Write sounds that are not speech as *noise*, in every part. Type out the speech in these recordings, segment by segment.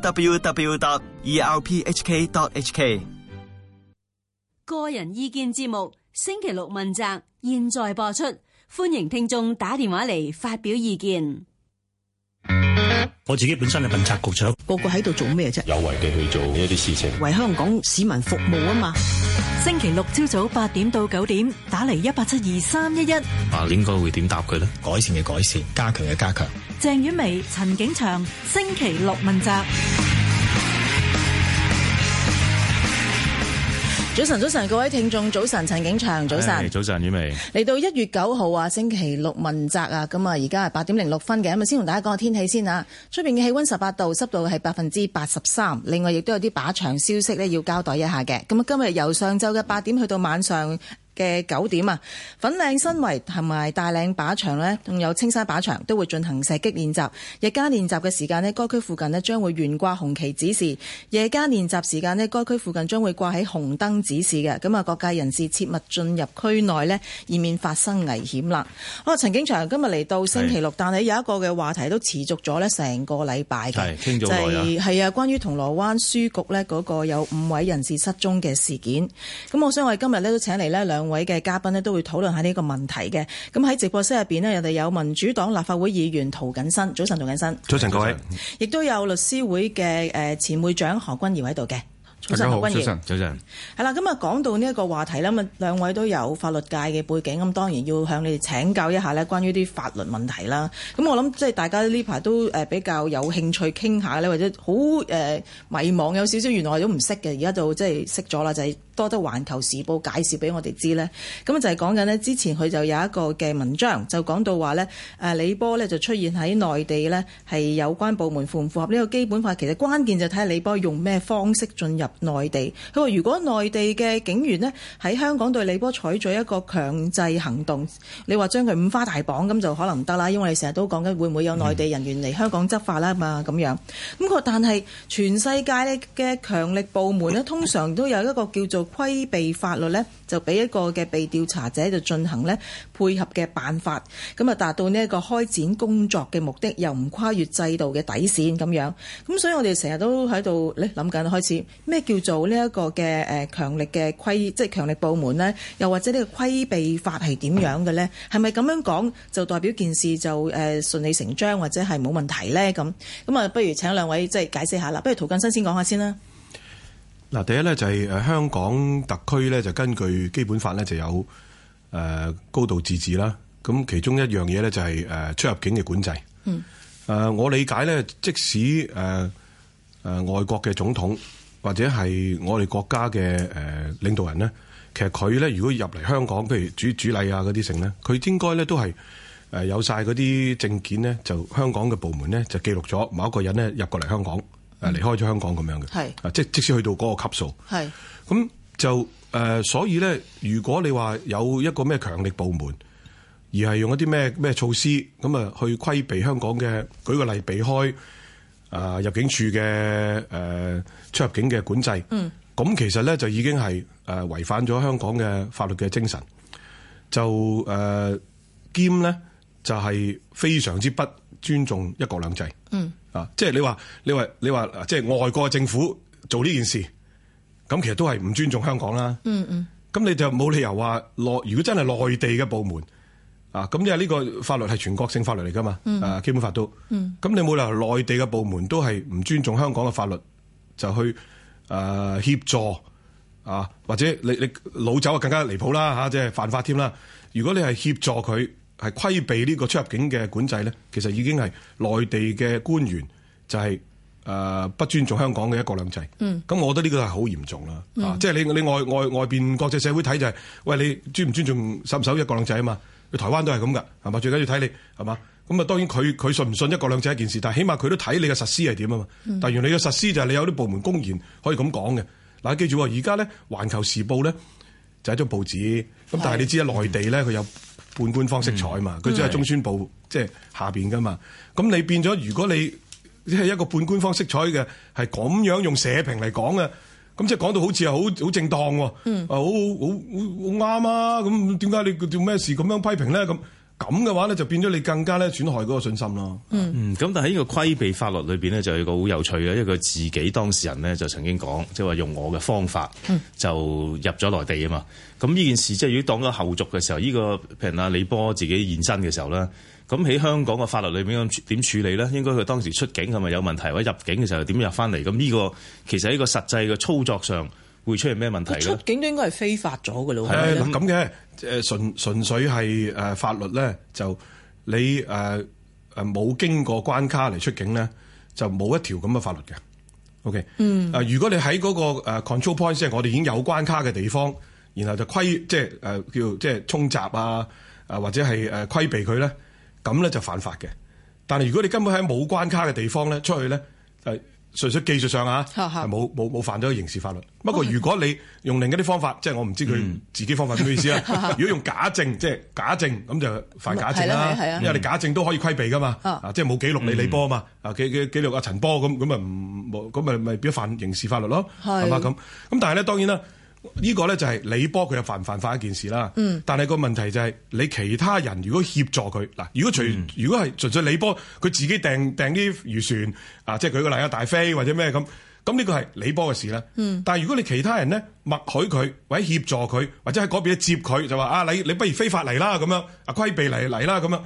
w w w e r p h k h k 個人意見節目星期六問責，現在播出，歡迎聽眾打電話嚟發表意見。我自己本身係問責局長，個個喺度做咩啫？有為地去做一啲事情，為香港市民服務啊嘛。星期六朝早八點到九點，打嚟一八七二三一一。應該會點答佢咧？改善嘅改善，加強嘅加強。鄭婉薇、陳景祥，星期六問責。早晨，早晨，各位聽眾，早晨，陳景祥，早晨，早晨，婉薇。嚟到一月九號啊，星期六問責啊，咁啊，而家係八點零六分嘅，咁啊，先同大家講下天氣先啊。出邊嘅氣温十八度，濕度係百分之八十三。另外，亦都有啲靶場消息呢，要交代一下嘅。咁啊，今日由上晝嘅八點去到晚上。嘅九點啊，粉嶺新圍同埋大嶺靶場呢，仲有青山靶場都會進行射擊練習。日間練習嘅時間呢，該區附近呢將會懸掛紅旗指示；夜間練習時間呢，該區附近將會掛起紅燈指示嘅。咁啊，各界人士切勿進入區內呢，以免發生危險啦。好，陳景祥今日嚟到星期六，但係有一個嘅話題都持續咗呢成個禮拜嘅，係，傾咗耐啦。係啊，關於銅鑼灣書局呢嗰個有五位人士失蹤嘅事件，咁我想我哋今日呢都請嚟呢兩位嘅嘉賓呢，都會討論下呢一個問題嘅，咁喺直播室入邊呢，人哋有民主黨立法會議員涂謹申，早晨，涂謹申，早晨各位，亦都有律師會嘅誒前會長何君堯喺度嘅。早晨，早晨，早晨。係啦，咁啊，講到呢一個話題啦，咁啊，兩位都有法律界嘅背景，咁當然要向你哋請教一下咧，關於啲法律問題啦。咁我諗即係大家呢排都誒比較有興趣傾下咧，或者好誒迷茫，有少少原來都唔識嘅，而家就即係識咗啦，就係多得《環球時報》介紹俾我哋知咧。咁啊，就係講緊咧，之前佢就有一個嘅文章，就講到話咧，誒李波咧就出現喺內地咧，係有關部門符唔符合呢個基本法？其實關鍵就睇下李波用咩方式進入。內地，佢話如果內地嘅警員呢喺香港對李波採取一個強制行動，你話將佢五花大綁咁就可能唔得啦，因為我哋成日都講緊會唔會有內地人員嚟香港執法啦嘛咁樣。咁個但係全世界咧嘅強力部門呢，通常都有一個叫做規避法律呢，就俾一個嘅被調查者就進行咧配合嘅辦法，咁啊達到呢一個開展工作嘅目的，又唔跨越制度嘅底線咁樣。咁所以我哋成日都喺度咧諗緊開始。即叫做呢一個嘅，誒，強力嘅規，即係強力部門咧，又或者呢個規避法係點樣嘅咧？係咪咁樣講就代表件事就誒順理成章，或者係冇問題咧？咁咁啊，不如請兩位即係解釋下啦。不如涂謹申先講下先啦。嗱，第一咧就係、是、誒香港特區咧就根據基本法咧就有誒高度自治啦。咁其中一樣嘢咧就係誒出入境嘅管制。嗯誒，我理解咧，即使誒誒外國嘅總統。或者係我哋國家嘅誒領導人咧，其實佢咧如果入嚟香港，譬如主主禮啊嗰啲城咧，佢應該咧都係誒有晒嗰啲證件咧，就香港嘅部門咧就記錄咗某一個人咧入過嚟香港，誒離開咗香港咁樣嘅。係啊，即即使去到嗰個級數，係咁就誒，所以咧，如果你話有一個咩強力部門，而係用一啲咩咩措施咁啊去規避香港嘅，舉個例避開。啊！入境處嘅誒出入境嘅管制，咁、嗯、其實咧就已經係誒違反咗香港嘅法律嘅精神，就誒、呃、兼咧就係、是、非常之不尊重一國兩制。嗯啊，即係你話你話你話即係外國政府做呢件事，咁其實都係唔尊重香港啦。嗯嗯，咁你就冇理由話內如果真係內地嘅部門。啊，咁因為呢個法律係全國性法律嚟噶嘛。嗯。啊，基本法都嗯。咁你冇理由內地嘅部門都係唔尊重香港嘅法律，就去誒協助啊，或者你你老走就更加離譜啦吓，即係犯法添啦。如果你係協助佢係規避呢個出入境嘅管制咧，其實已經係內地嘅官員就係誒不尊重香港嘅一國兩制。嗯。咁我覺得呢個係好嚴重啦。嗯。啊，即係你你外外外邊國際社會睇就係，喂，你尊唔尊重守唔守一國兩制啊嘛？台灣都係咁噶，係嘛？最緊要睇你係嘛？咁啊，當然佢佢信唔信一國兩制係一件事，但係起碼佢都睇你嘅實施係點啊嘛。但係原來你嘅實施就係你有啲部門公然可以咁講嘅。嗱，記住，而家咧《環球時報》呢咧就係、是、張報紙，咁但係你知啦，喺內地咧佢、嗯、有半官方色彩啊嘛，佢、嗯、只係中宣部即係、就是、下邊噶嘛。咁你變咗，如果你係一個半官方色彩嘅，係咁樣用社評嚟講嘅。咁即係講到好似係好好正當喎，嗯，啊好好好好啱啊！咁點解你做咩事咁樣批評咧咁？咁嘅話咧，就變咗你更加咧損害嗰個信心咯、嗯。嗯，咁但係呢個規避法律裏面咧，就有一個好有趣嘅，因為佢自己當事人咧就曾經講，即係話用我嘅方法就入咗內地啊嘛。咁呢件事即係如果當咗後續嘅時候，呢個譬如阿李波自己現身嘅時候咧，咁喺香港嘅法律裏面咁點處理咧？應該佢當時出境係咪有問題，或者入境嘅時候點入翻嚟？咁呢個其實喺個實際嘅操作上。會出現咩問題？出境都應該係非法咗噶啦，我咁嘅，誒，純純粹係誒法律咧，就你誒誒冇經過關卡嚟出境咧，就冇一條咁嘅法律嘅。O、okay? K、嗯。嗯、啊。如果你喺嗰個誒 control point 即係我哋已經有關卡嘅地方，然後就規即係誒、呃、叫即係衝閘啊，或者係誒規避佢咧，咁咧就犯法嘅。但係如果你根本喺冇關卡嘅地方咧出去咧，係、呃。純粹技術上啊，冇冇冇犯咗刑事法律。是是不過如果你用另一啲方法，即係我唔知佢自己方法咩意思啦。嗯、如果用假證， *laughs* 即係假證，咁就犯假證啦。嗯、因為你假證都可以規避噶嘛，啊、嗯，即係冇記錄你李波啊嘛，啊記記記錄阿陳波咁咁咪唔冇咁咪咪變咗犯刑事法律咯，係嘛咁。咁但係咧，當然啦。呢個咧就係李波佢有犯唔犯法一件事啦。嗯，但係個問題就係、是、你其他人如果協助佢嗱，如果純、嗯、如果係純粹李波佢自己訂訂啲漁船，啊，即係舉個例啊，大飛或者咩咁，咁、這、呢個係李波嘅事啦。嗯，但係如果你其他人咧默許佢或者協助佢，或者喺嗰邊接佢就話啊，你你不如非法嚟啦咁樣啊，規避嚟嚟啦咁樣。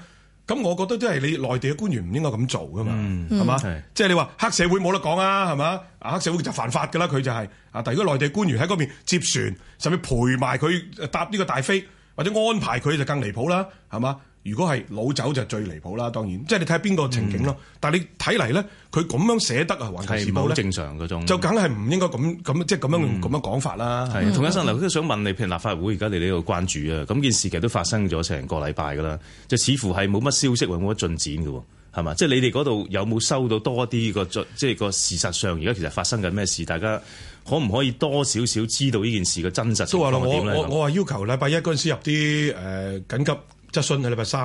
咁我覺得都係你內地嘅官員唔應該咁做噶嘛，嗯，係嘛？係。即係你話黑社會冇得講啊，係嘛？啊，黑社會就犯法噶啦，佢就係、是、啊。但如果內地官員喺嗰邊接船，甚至陪埋佢搭呢個大飛，或者安排佢就更離譜啦，係嘛？如果係老酒就最離譜啦，當然，即係你睇下邊個情景咯、嗯。但你睇嚟咧，佢咁樣寫得啊，《環球時報》正常嗰種就梗係唔應該咁咁即係咁樣咁樣講、嗯、法啦。係、嗯，涂謹申，我、嗯、都想問你，譬如立法會而家你哋呢度關注啊，咁、嗯、件事情都發生咗成個禮拜噶啦，就似乎係冇乜消息喎，冇乜進展㗎喎，係嘛？即、就、係、是、你哋嗰度有冇收到多啲個即係、就是、個事實上而家其實發生緊咩事？大家可唔可以多少少知道呢件事嘅真實狀況點咧？我我我話要求禮拜一嗰陣時入啲、呃、緊急。質詢喺禮拜三，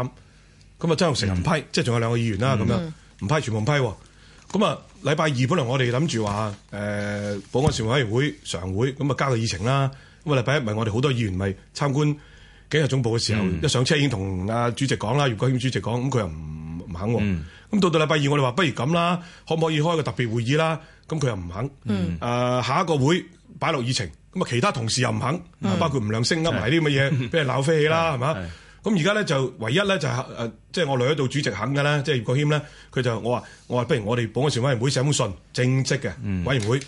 咁啊真係成唔批，即係仲有兩個議員啦，咁、嗯、樣唔批全部唔批。咁啊禮拜二本來我哋諗住話誒保安事務委員會常會，咁啊加個議程啦。咁啊禮拜一咪我哋好多議員咪參觀警察總部嘅時候、嗯，一上車已經同阿主席講啦，葉國謙主席講，咁佢又唔唔肯。咁、嗯、到到禮拜二我哋話不如咁啦，可唔可以開個特別會議啦？咁佢又唔肯。誒、嗯呃、下一個會擺落議程，咁啊其他同事又唔肯、嗯，包括吳亮星噏埋啲咁嘅嘢俾人鬧飛起啦，係咪？咁而家咧就唯一咧就誒，即係我來喺度主席肯嘅啦，即係葉國謙咧，佢就我話我話，不如我哋保安事務委員會寫封信，正式嘅委員會，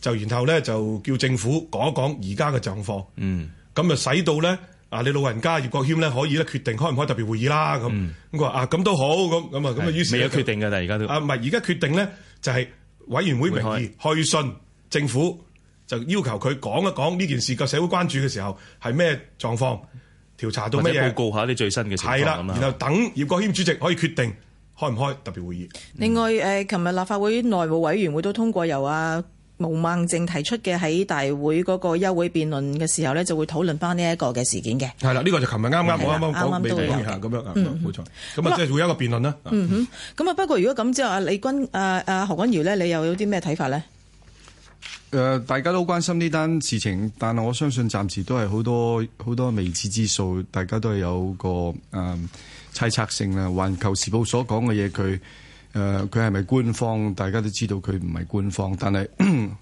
就、嗯、然後咧就叫政府講一講而家嘅狀況。咁、嗯、就使到咧啊，你老人家葉國謙咧可以咧決定開唔開特別會議啦。咁咁佢話啊，咁都好咁咁啊咁啊，於是未有決定㗎。但係而家都啊唔係而家決定咧，就係委員會名義去信政府，就要求佢講一講呢件事個社會關注嘅時候係咩狀況。調查到咩報告下啲最新嘅情況。係啦，然後等葉國謙主席可以決定開唔開特別會議。嗯、另外，誒、呃，琴日立法會內務委員會都通過由啊毛孟靜提出嘅喺大會嗰個休會辯論嘅時候咧，就會討論翻呢一個嘅事件嘅。係啦，呢、這個就琴日啱啱啱啱未睇。咁、嗯、樣，冇、嗯、錯。咁啊，即係會有一個辯論啦。咁、嗯、啊，嗯、不過如果咁之後，啊李君，啊啊何君堯咧，你又有啲咩睇法咧？誒、呃，大家都關心呢單事情，但係我相信暫時都係好多好多未知之數，大家都係有個誒、呃、猜測性啦。環球時報所講嘅嘢，佢誒佢係咪官方？大家都知道佢唔係官方，但係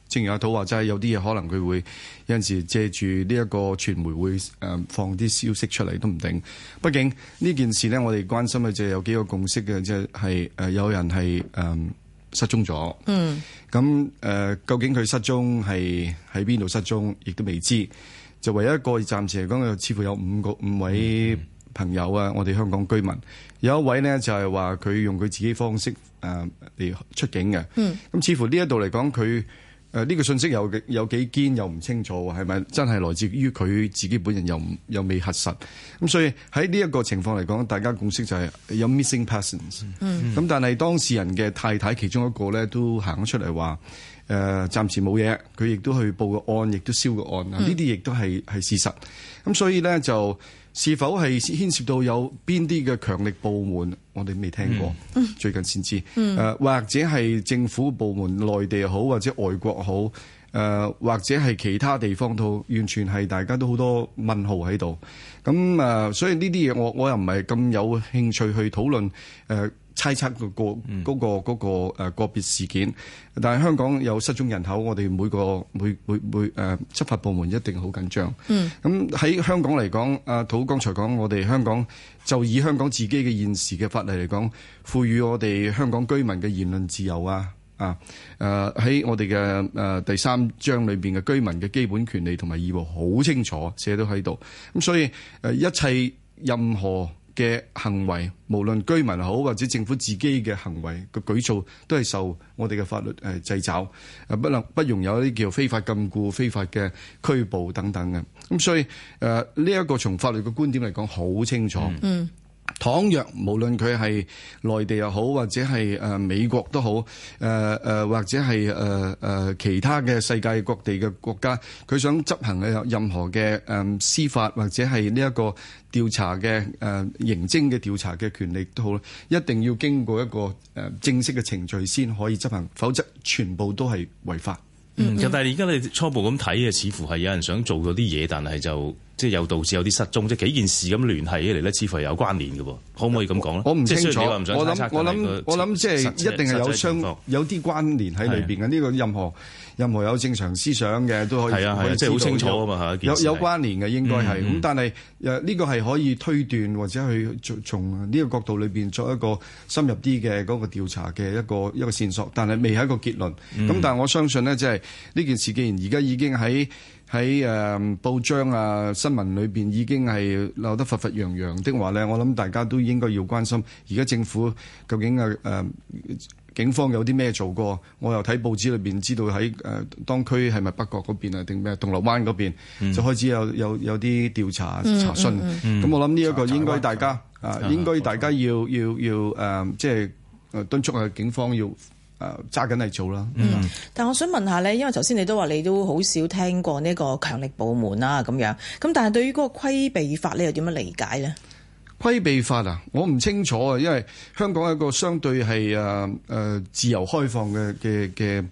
正如阿涂話齋，有啲嘢可能佢會有陣時借住呢一個傳媒會誒、呃、放啲消息出嚟都唔定。畢竟呢件事呢，我哋關心嘅就係有幾個共識嘅，即係誒有人係誒。呃失蹤咗，咁誒、呃，究竟佢失蹤係喺邊度失蹤，亦都未知。就唯一一個暫時嚟講，似乎有五個五位朋友啊，我哋香港居民有一位呢，就係話佢用佢自己方式誒嚟、呃、出境嘅。咁似乎呢一度嚟講佢。誒、這、呢個信息有幾有幾堅又唔清楚，係咪真係來自於佢自己本人又又未核實？咁所以喺呢一個情況嚟講，大家共識就係有 missing persons。咁、嗯、但係當事人嘅太太其中一個咧都行咗出嚟話，誒、呃、暫時冇嘢。佢亦都去報個案，亦都銷個案。呢啲亦都係係事實。咁所以咧就。是否係牽涉到有邊啲嘅強力部門？我哋未聽過，mm. 最近先知。Mm. 或者係政府部門，內地好，或者外國好，或者係其他地方都完全係大家都好多問號喺度。咁所以呢啲嘢我我又唔係咁有興趣去討論。呃猜測個、那個那個個嗰個嗰個誒個別事件，但係香港有失蹤人口，我哋每個每每每誒啊、執法部門一定好緊張。嗯，咁喺香港嚟講，阿涂剛才講，我哋香港就以香港自己嘅現時嘅法例嚟講，賦予我哋香港居民嘅言論自由啊，啊，誒喺我哋嘅誒第三章裏邊嘅居民嘅基本權利同埋義務好清楚寫到喺度。咁所以誒一切任何嘅行為，無論居民好或者政府自己嘅行為嘅舉措，都係受我哋嘅法律誒制裁，誒不能不容有一啲叫非法禁錮、非法嘅拘捕等等嘅。咁所以誒呢一個從法律嘅觀點嚟講，好清楚。嗯。倘若無論佢係內地又好，或者係誒美國都好，誒、呃、誒或者係誒誒其他嘅世界各地嘅國家，佢想執行嘅任何嘅誒、呃、司法或者係呢一個調查嘅誒、呃、刑偵嘅調查嘅權力都好啦，一定要經過一個誒正式嘅程序先可以執行，否則全部都係違法。嗯，嗯，但係而家你初步咁睇嘅，似乎係有人想做咗啲嘢，但係就。即係又導致有啲失蹤，即係幾件事咁聯繫起嚟咧，似乎係有關聯嘅喎，可唔可以咁講咧？我唔清楚。我諗，我諗，我諗，那個、我即係一定係有相，有啲關聯喺裏面。嘅、啊。呢、呢個任何任何有正常思想嘅都可以，啊啊、可以即係好清楚啊嘛有有，有關聯嘅應該係咁、嗯，但係呢個係可以推斷或者去從呢個角度裏面作一個深入啲嘅嗰個調查嘅一個一個線索，但係未係一個結論。咁、嗯、但係我相信咧，即係呢件事既然而家已經喺。喺誒、嗯、報章啊新聞裏邊已經係鬧得沸沸揚揚的話咧、嗯，我諗大家都應該要關心。而家政府究竟誒、啊啊、警方有啲咩做過？我又睇報紙裏邊，知道喺誒、啊、當區係咪北角嗰邊啊定咩銅鑼灣嗰邊、嗯、就開始有有有啲調查嗯嗯嗯查詢。咁、嗯、我諗呢一個應該大家查查啊應該大家要要要誒即係敦促啊警方要。誒揸緊嚟做啦。嗯，但係我想問下咧，因為頭先你都話你都好少聽過呢個強力部門啦咁樣。咁但係對於嗰個規避法你又點樣理解咧？規避法啊，我唔清楚啊，因為香港係一個相對係誒誒自由開放嘅嘅嘅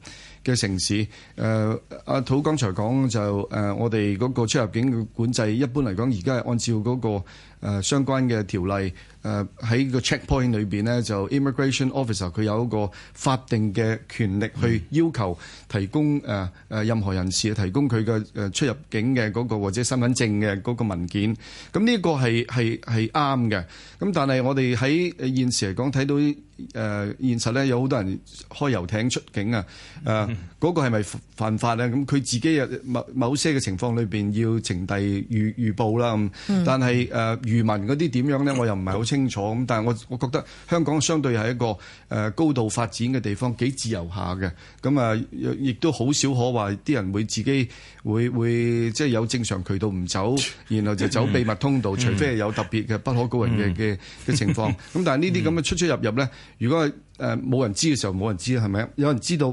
嘅城市。誒、呃、阿、啊、涂剛才講就誒、呃，我哋嗰個出入境嘅管制，一般嚟講，而家係按照嗰、那個、呃、相關嘅條例。誒喺個 checkpoint 裏邊咧，就 immigration officer 佢有一個法定嘅權力去要求提供誒誒任何人士提供佢嘅誒出入境嘅嗰個或者身份證嘅嗰個文件。咁呢個係係係啱嘅。咁但係我哋喺現時嚟講睇到誒現實咧，有好多人開遊艇出境啊。誒嗰個係咪犯法咧？咁佢自己有某某些嘅情況裏邊要呈遞預預報啦。但係誒漁民嗰啲點樣咧？我又唔係好清。清楚咁，但係我，我覺得香港相對係一個誒高度發展嘅地方，幾自由下嘅，咁啊，亦都好少可話啲人會自己會會即係有正常渠道唔走，然後就走秘密通道， *laughs* 除非係有特別嘅不可告人嘅嘅嘅情況。咁 *laughs* 但係呢啲咁嘅出出入入咧，如果係誒冇人知嘅時候冇人知係咪？有人知道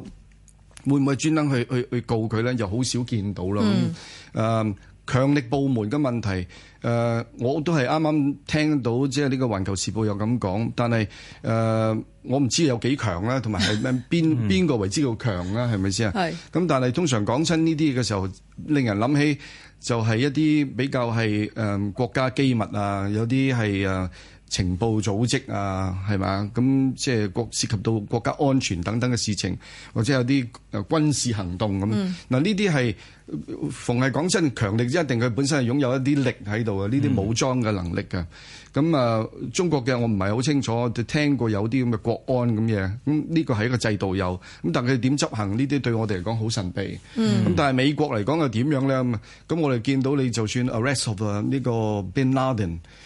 會唔會專登去去去告佢咧？又好少見到咯。 *laughs* 嗯。強力部門嘅問題，誒、呃，我都係啱啱聽到，即係呢個《環球時報》有咁講，但係誒、呃，我唔知有幾強啦，同埋係邊邊個為之叫強啦，係咪先啊？係。咁但係通常講親呢啲嘅時候，令人諗起就係一啲比較係誒、呃、國家機密啊，有啲係誒。呃情報組織啊，係嘛？咁即係國涉及到國家安全等等嘅事情，或者有啲軍事行動咁。嗱，呢啲係逢係講真強力，一定佢本身係擁有一啲力喺度嘅，呢啲武裝嘅能力嘅。咁啊，中國嘅我唔係好清楚，就聽過有啲咁嘅國安咁嘢。咁呢個係一個制度有，咁但係佢點執行呢啲對我哋嚟講好神秘。咁但係美國嚟講又點樣咧？咁我哋見到你就算 arrest of 呢個 bin laden。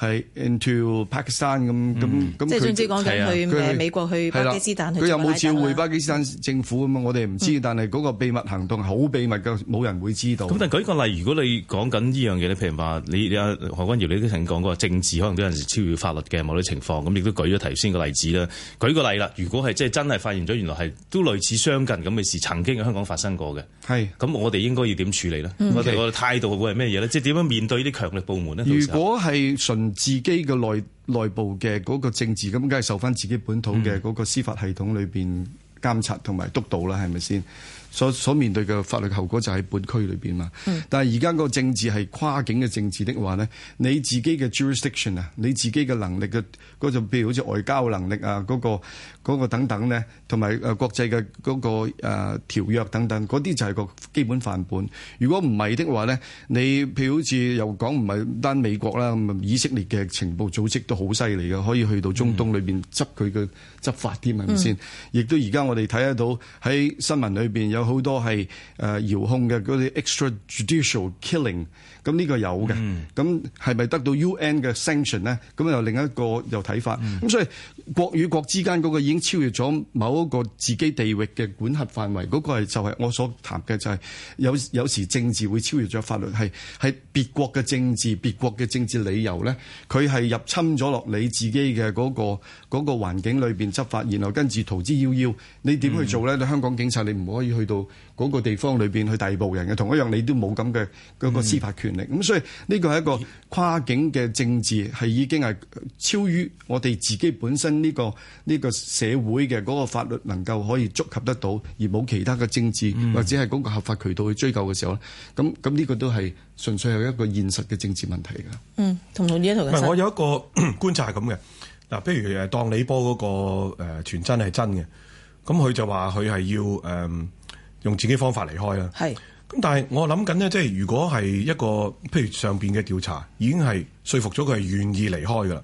係 into p a pakistan 咁咁咁，即係總之講緊去美國去巴基斯坦、啊、去，佢、啊、有冇召回巴基斯坦政府咁嘛、嗯，我哋唔知，但係嗰個秘密行動好、嗯、秘密嘅，冇人會知道。咁、嗯、但係舉個例，如果你講緊呢樣嘢，你譬如話你你、啊、阿何君堯你都曾經講過政治可能都有陣時超越法律嘅某啲情況，咁亦都舉咗頭先個例子啦。舉個例啦，如果係即係真係發現咗原來係都類似相近咁嘅事，曾經喺香港發生過嘅，係咁我哋應該要點處理呢？嗯 okay. 我哋個態度會係咩嘢呢？即係點樣面對啲強力部門呢？如果係純。自己嘅內內部嘅嗰個政治咁，梗係受翻自己本土嘅嗰個司法系統裏邊監察同埋督導啦，係咪先？所所面對嘅法律後果就喺本區裏邊嘛。嗯。但係而家個政治係跨境嘅政治的話咧，你自己嘅 jurisdiction 啊，你自己嘅能力嘅。嗰種譬如好似外交能力啊，嗰個嗰個等等咧，同埋誒國際嘅嗰個誒條約等等，嗰啲就係個基本範本。如果唔係的話咧，你譬如好似又講唔係單美國啦，咁以色列嘅情報組織都好犀利嘅，可以去到中東裏邊執佢嘅執法添，係咪先？亦都而家我哋睇得到喺新聞裏邊有好多係誒遙控嘅嗰啲 extra judicial killing，咁呢個有嘅，咁係咪得到 UN 嘅 sanction 咧？咁又另一個又。睇、嗯、法，咁所以國與國之間嗰個已經超越咗某一個自己地域嘅管轄範圍，嗰、嗰個係就係我所談嘅、就係，就係有有時政治會超越咗法律，係係別國嘅政治，別國嘅政治理由呢，佢係入侵咗落你自己嘅嗰、嗰個嗰、嗰個、環境裏邊執法，然後跟住逃之夭夭，你點去做呢？你香港警察，你唔可以去到。嗰、那個地方裏面，去逮捕人嘅，同一樣你都冇咁嘅嗰個司法權力。咁、嗯、所以呢個係一個跨境嘅政治，係已經係超於我哋自己本身呢、這個呢、這個社會嘅嗰個法律能夠可以觸及得到，而冇其他嘅政治或者係嗰個合法渠道去追究嘅時候咧，咁咁呢個都係純粹係一個現實嘅政治問題㗎。嗯，同唔同意啊？唔係，我有一個 *coughs* 觀察係咁嘅。嗱，譬如誒，當李波嗰個傳傳、呃、真係真嘅，咁佢就話佢係要、呃用自己方法離開啦。咁但係我諗緊咧，即係如果係一個譬如上邊嘅調查已經係說服咗佢係願意離開噶啦。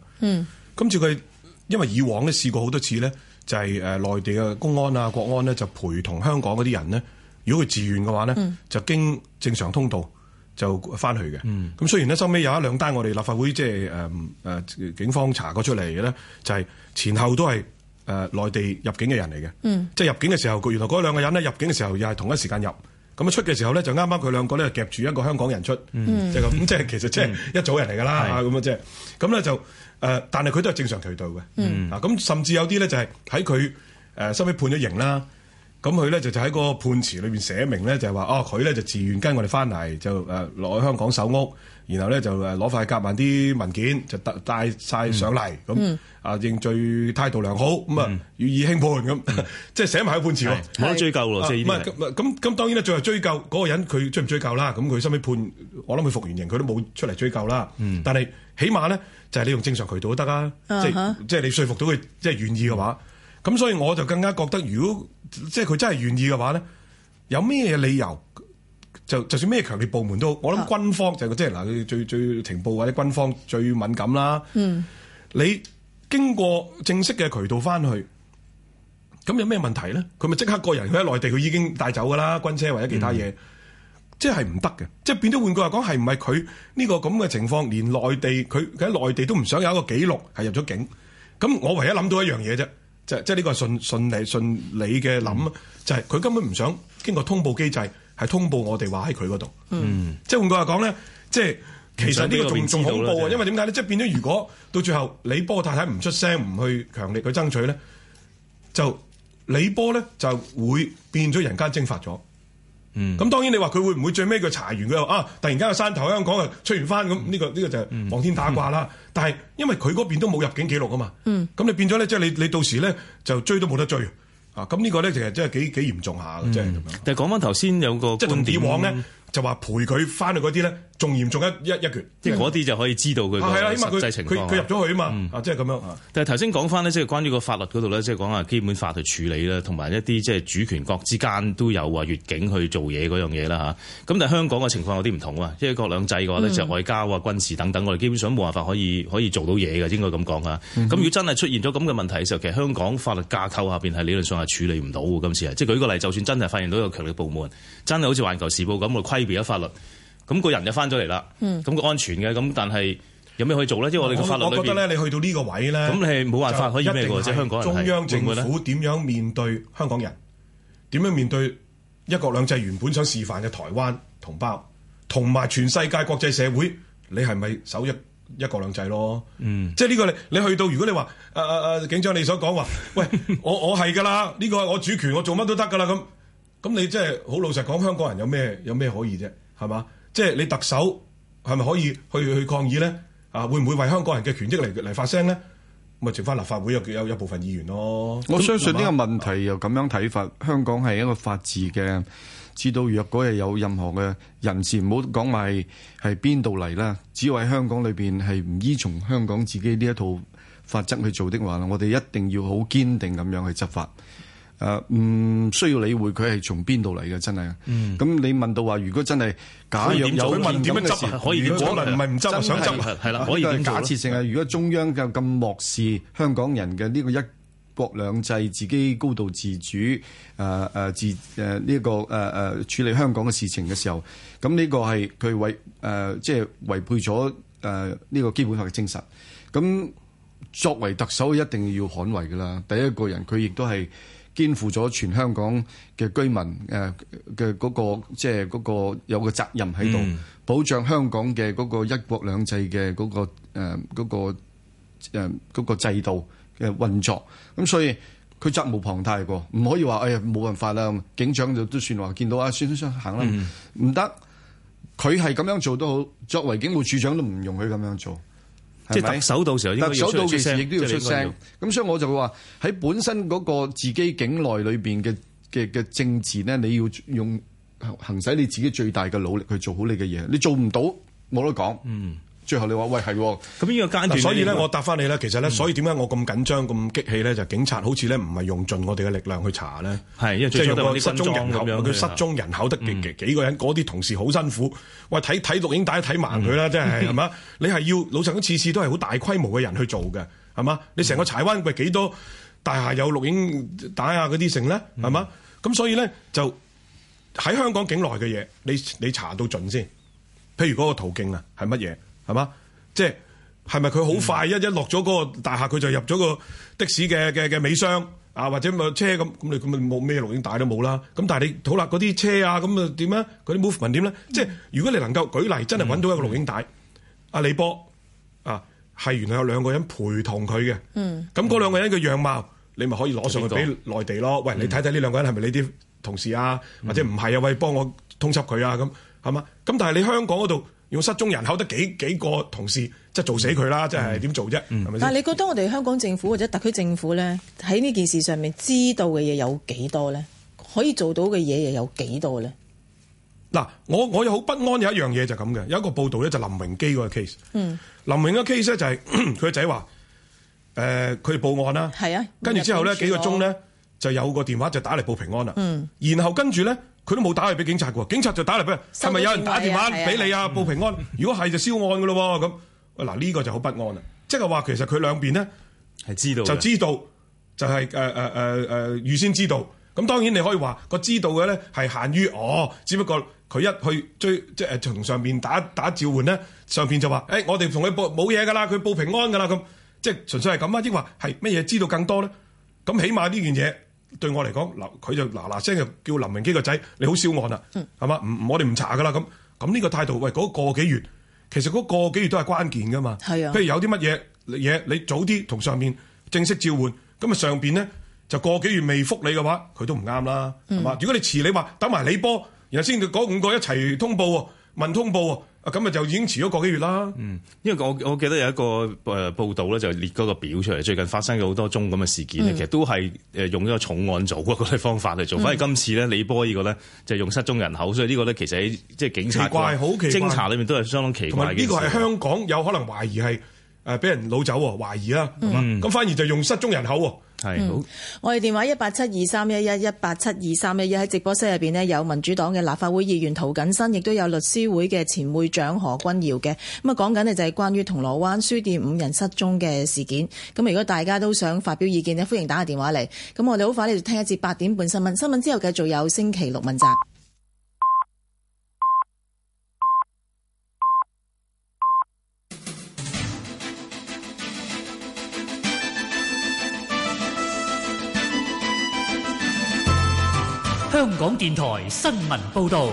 今次佢，因為以往咧試過好多次咧，就係、是、誒內地嘅公安啊、國安咧就陪同香港嗰啲人咧，如果佢自願嘅話咧、嗯，就經正常通道就翻去嘅。咁、嗯、雖然咧收尾有一兩單我哋立法會即係誒警方查過出嚟嘅咧，就係、是、前後都係。誒、呃，內地入境嘅人嚟嘅、嗯，即係入境嘅時候，原來嗰兩個人咧入境嘅時候又係同一時間入，咁啊出嘅時候咧就啱啱佢兩個咧夾住一個香港人出，即係咁，即係其實即係一組人嚟㗎啦，咁、嗯、啊即係，咁咧就誒、是呃，但係佢都係正常渠道嘅、嗯，啊，咁甚至有啲咧就係喺佢誒，收、呃、尾判咗刑啦。咁佢咧就就喺個判詞裏面寫明咧，就係話，哦，佢咧就自願跟我哋翻嚟，就誒落去香港守屋，然後咧就誒攞塊夾埋啲文件，就帶帶晒上嚟，咁、嗯、啊認罪態度良好，咁啊予以輕判，咁、嗯、即係寫埋喺判詞喎，唔、嗯、追究咯，咁咁、啊、當然咧，最後追究嗰、那個人，佢追唔追究啦。咁佢收尾判，我諗佢服完刑，佢都冇出嚟追究啦、嗯。但係起碼咧，就係、是、你用正常渠道都得啊，uh -huh. 即即係，你說服到佢即係願意嘅話。嗯咁所以我就更加覺得，如果即係佢真係願意嘅話咧，有咩理由就就算咩強烈部門都，我諗軍方、啊、就係、即係嗱，最最情報或者軍方最敏感啦。嗯，你經過正式嘅渠道翻去，咁有咩問題咧？佢咪即刻個人，佢喺內地，佢已經帶走噶啦，軍車或者其他嘢、嗯，即係唔得嘅。即係變咗換句話講，係唔係佢呢個咁嘅情況，連內地佢佢喺內地都唔想有一個記錄係入咗境。咁我唯一諗到一樣嘢啫。就即係呢個順利順理順理嘅諗，就係、是、佢根本唔想經過通報機制，係通報我哋話喺佢嗰度。嗯，即係換句話講咧，即係其實呢個仲仲恐怖啊！因為點解咧？即係變咗，如果到最後李波太太唔出聲，唔去強力去爭取咧，就李波咧就會變咗人間蒸發咗。咁、嗯、當然你話佢會唔會最尾佢查完佢啊？突然間個山頭喺香港啊出完翻咁呢個呢、呢個就係黃天打卦啦、嗯嗯。但係因為佢嗰邊都冇入境記錄㗎嘛，咁、嗯、你變咗咧即係你你到時咧就追都冇得追啊！咁呢個咧其實真係幾幾嚴重下嘅，即係咁樣。但係講翻頭先有個即係重點喎？就是同地就話陪佢翻去嗰啲咧，仲嚴重一一一拳，即係嗰啲就可以知道佢實際情況。佢、啊啊、入咗去啊嘛，即係咁樣。啊、但係頭先講翻呢，即係關於個法律嗰度咧，即係講下基本法嚟處理啦，同埋一啲即係主權國之間都有話越境去做嘢嗰樣嘢啦嚇。咁但係香港嘅情況有啲唔同啊，一國兩制嘅話呢，嗯、就外交啊、軍事等等，我哋基本上冇辦法可以可以做到嘢嘅，應該咁講啊。咁如果真係出現咗咁嘅問題嘅時候，其實香港法律架構下邊係理論上係處理唔到嘅今次係，即係舉個例，就算真係發現到有強力部門，真係好似《環球時報》咁嘅規。有法律，咁個人就翻咗嚟啦。咁、嗯、個安全嘅，咁但係有咩可以做咧？即係我哋個法律裏邊，我覺得咧你去到呢個位咧，咁你係冇辦法可以咩嘅？香港中央政府點樣面對香港人？點樣面對一國兩制原本想示範嘅台灣同胞，同埋全世界國際社會，你係咪守一一國兩制咯？嗯，即係呢個你你去到，如果你話、呃、警長你所講話，喂， *laughs* 我我係噶啦，呢、呢個係我主權，我做乜都得噶啦咁。咁你即係好老實講，香港人有咩有咩可以啫？係嘛？即係你特首係咪可以去去抗議咧？啊，會唔會為香港人嘅權益嚟嚟發聲咧？咪剩翻立法會有有一部分議員咯。我相信呢個問題又咁樣睇法，香港係一個法治嘅。知道若果係有任何嘅人士，唔好講埋係邊度嚟啦，只要喺香港裏面係唔依從香港自己呢一套法則去做的話啦，我哋一定要好堅定咁樣去執法。誒、嗯，唔需要理會佢係從邊度嚟嘅，真係。咁、嗯、你問到話，如果真係假有的、嗯、樣有變咁嘅事，可能唔係唔執，想執係啦。可以假設性啊，如果中央咁漠視香港人嘅呢個一國兩制，自己高度自主誒誒、啊、自誒呢個誒誒處理香港嘅事情嘅時候，咁呢個係佢違誒即係違背咗誒呢個基本法嘅精神。咁作為特首，一定要捍衛噶啦。第一個人，佢亦都係。肩負咗全香港嘅居民，誒嘅嗰個即係嗰個有個責任喺度，保障香港嘅嗰個一國兩制嘅嗰個誒嗰個誒嗰個制度嘅運作。咁所以佢責無旁貸喎，唔可以話哎呀，冇辦法啦。警長就都算話見到啊，算算算行啦，唔得。佢係咁樣做都好，作為警務處長都唔容許咁樣做。即係等守到時候應該，守到時亦都要出聲。咁、就是、所以我就會話喺本身嗰個自己境內裏面嘅嘅嘅政治咧，你要用行使你自己最大嘅努力去做好你嘅嘢。你做唔到，冇得講。嗯。最後你話喂係咁，呢個間段，所以咧我答翻你咧，其實咧，嗯、所以點解我咁緊張咁、嗯、激氣咧？就警察好似咧唔係用盡我哋嘅力量去查咧，係即係有個失蹤人口，佢、嗯、失蹤人口得幾幾、嗯、幾個人，嗰啲同事好辛苦。喂，睇睇錄影帶，睇埋佢啦，真係係嘛？嗯就是、 *laughs* 你係要老實，次次都係好大規模嘅人去做嘅係嘛？嗯、你成個柴灣喂幾多大廈有錄影帶啊？嗰啲城咧係嘛？咁、嗯、所以咧就喺香港境內嘅嘢，你你查到盡先。譬如嗰個途徑啊，係乜嘢？係嘛？即係咪佢好快、嗯、一一落咗嗰個大廈，佢就入咗個的士嘅嘅嘅尾箱啊？或者咪車咁咁？你咁咪冇咩錄影帶都冇啦？咁但係你好啦，嗰啲車啊咁啊點咧？嗰啲 movement 點咧？怎樣嗯、即係如果你能夠舉例，真係搵到一個錄影帶，阿、嗯啊、李波啊，係原來有兩個人陪同佢嘅。嗯，咁嗰兩個人嘅樣貌，你咪可以攞上去俾內地咯。嗯、喂，你睇睇呢兩個人係咪你啲同事啊？嗯、或者唔係啊？喂，幫我通緝佢啊！咁係嘛？咁但係你香港嗰度。用失蹤人口得幾幾個同事，即係做死佢啦、嗯，即係點做啫、嗯？但係你覺得我哋香港政府或者特區政府咧，喺呢件事上面知道嘅嘢，有幾多咧？可以做到嘅嘢，又有幾多咧？嗱，我我有好不安嘅一樣嘢就咁嘅，有一個報道咧就是林榮基個 case。嗯，林榮基個 case 咧就係佢個仔話，誒，佢、 *coughs* 呃、報案啦，係啊，跟住之後咧幾個鐘咧就有個電話就打嚟，報平安啦。嗯，然後跟住咧。佢都冇打嚟俾警察嘅，警察就打嚟俾，係咪、啊、有人打電話俾你啊？嗯、報平安，如果係就銷案嘅咯，咁嗱呢個就好不安啦。即係話其實佢兩邊呢，係知，知道，就知道就係誒誒誒誒預先知道。咁當然你可以話個知道嘅咧係限於我、哦，只不過佢一去追即係、就是、從上面打打召喚咧，上邊就話誒、欸、我哋同佢報冇嘢噶啦，佢報平安噶啦咁，即係純粹係咁啊？抑話係乜嘢知道更多咧？咁起碼呢件嘢。對我嚟講，林佢就嗱嗱聲就叫林榮基個仔，你好笑案啦，啊、係、嗯、嘛？唔我哋唔查噶啦，咁咁呢個態度，喂嗰、那個幾月，其實嗰個幾月都係關鍵噶嘛。啊、譬如有啲乜嘢嘢，你早啲同上面正式召喚，咁啊上邊咧就個幾月未覆你嘅話，佢都唔啱啦，嘛？嗯、如果你遲，你話等埋你波，然後先嗰五個一齊通報喎，問通報喎。咁咪、啊、就已經遲咗個幾月啦、嗯。因為我我記得有一個誒、呃、報道咧，就列嗰個表出嚟。最近發生咗好多宗咁嘅事件咧，嗯、其實都係誒用咗重案組嗰啲方法嚟做。嗯、反而今次咧，李波個呢個咧就是、用失蹤人口，所以個呢個咧其實喺即係警察奇怪奇怪偵查裏面都係相當奇怪嘅。呢個係香港有可能懷疑係。誒俾人攞走，懷疑啦，咁、嗯、反而就用失蹤人口。係、嗯、好，我哋電話一八七二三一一一八七二三一一喺直播室入面呢，有民主黨嘅立法會議員涂謹申，亦都有律師會嘅前會長何君堯嘅咁啊，講緊呢，就係關於銅鑼灣書店五人失蹤嘅事件。咁如果大家都想發表意見呢，歡迎打下電話嚟。咁我哋好快呢就聽一節八點半新聞，新聞之後繼續有星期六問責。香港電台新聞報道：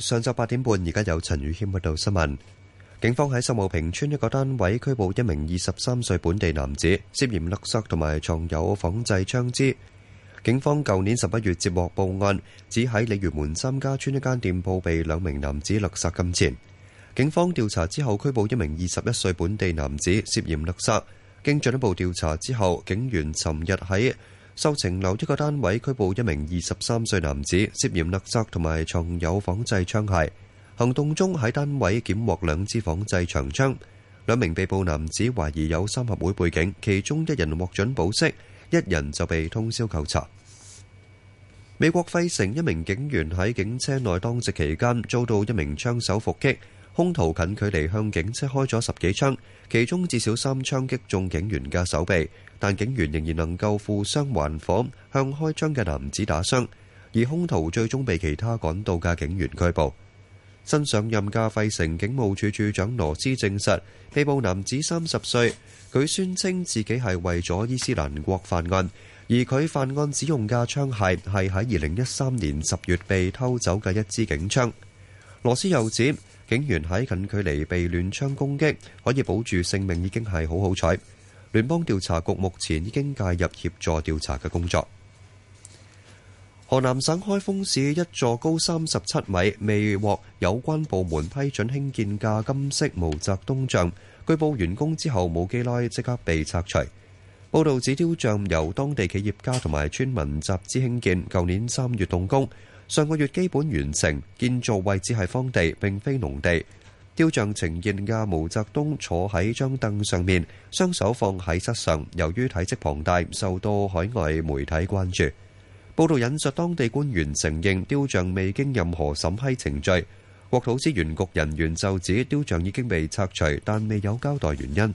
上晝八點半，而家有陳宇謙報道新聞。警方喺秀茂坪村一個單位拘捕一名二十三歲本地男子，涉嫌勒索同埋藏有仿製槍支。警方舊年十一月接獲報案，指喺鯉魚門三家村一間店鋪被兩名男子勒索金錢。警方調查之後拘捕一名二十一歲本地男子，涉嫌勒索。經進一步調查之後，警員尋日喺秀情樓一個單位拘捕一名二十三歲男子，涉嫌勒索同埋藏有仿製槍械。行動中喺單位檢獲兩支仿製長槍。兩名被捕男子懷疑有三合會背景，其中一人獲准保釋，一人就被通宵扣查。美國費城一名警員喺警車內當值期間遭到一名槍手伏擊。兇徒近距離向警車開咗十幾槍，其中至少三槍擊中警員嘅手臂，但警員仍然能夠負傷還火，向開槍嘅男子打傷。而兇徒最終被其他趕到嘅警員拘捕。新上任嘅費城警務處處長羅斯證實被捕男子三十歲，佢宣稱自己係為咗伊斯蘭國犯案，而佢犯案所用嘅槍械係喺二零一三年十月被偷走嘅一支警槍。羅斯又指，警員喺近距離被亂槍攻擊，可以保住性命已經係好好彩。聯邦調查局目前已經介入協助調查嘅工作。河南省開封市一座高三十七米、未獲有關部門批准興建嘅金色毛澤東像，據報完工之後冇幾耐即刻被拆除。報導指雕像由當地企業家同埋村民集資興建，舊年三月動工。上個月基本完成，建造位置係荒地，並非農地。雕像呈現嘅毛澤東坐喺張凳上面，雙手放喺膝上。由於體積龐大，受到海外媒體關注。報導引述當地官員承認雕像未經任何審批程序。國土資源局人員就指雕像已經被拆除，但未有交代原因。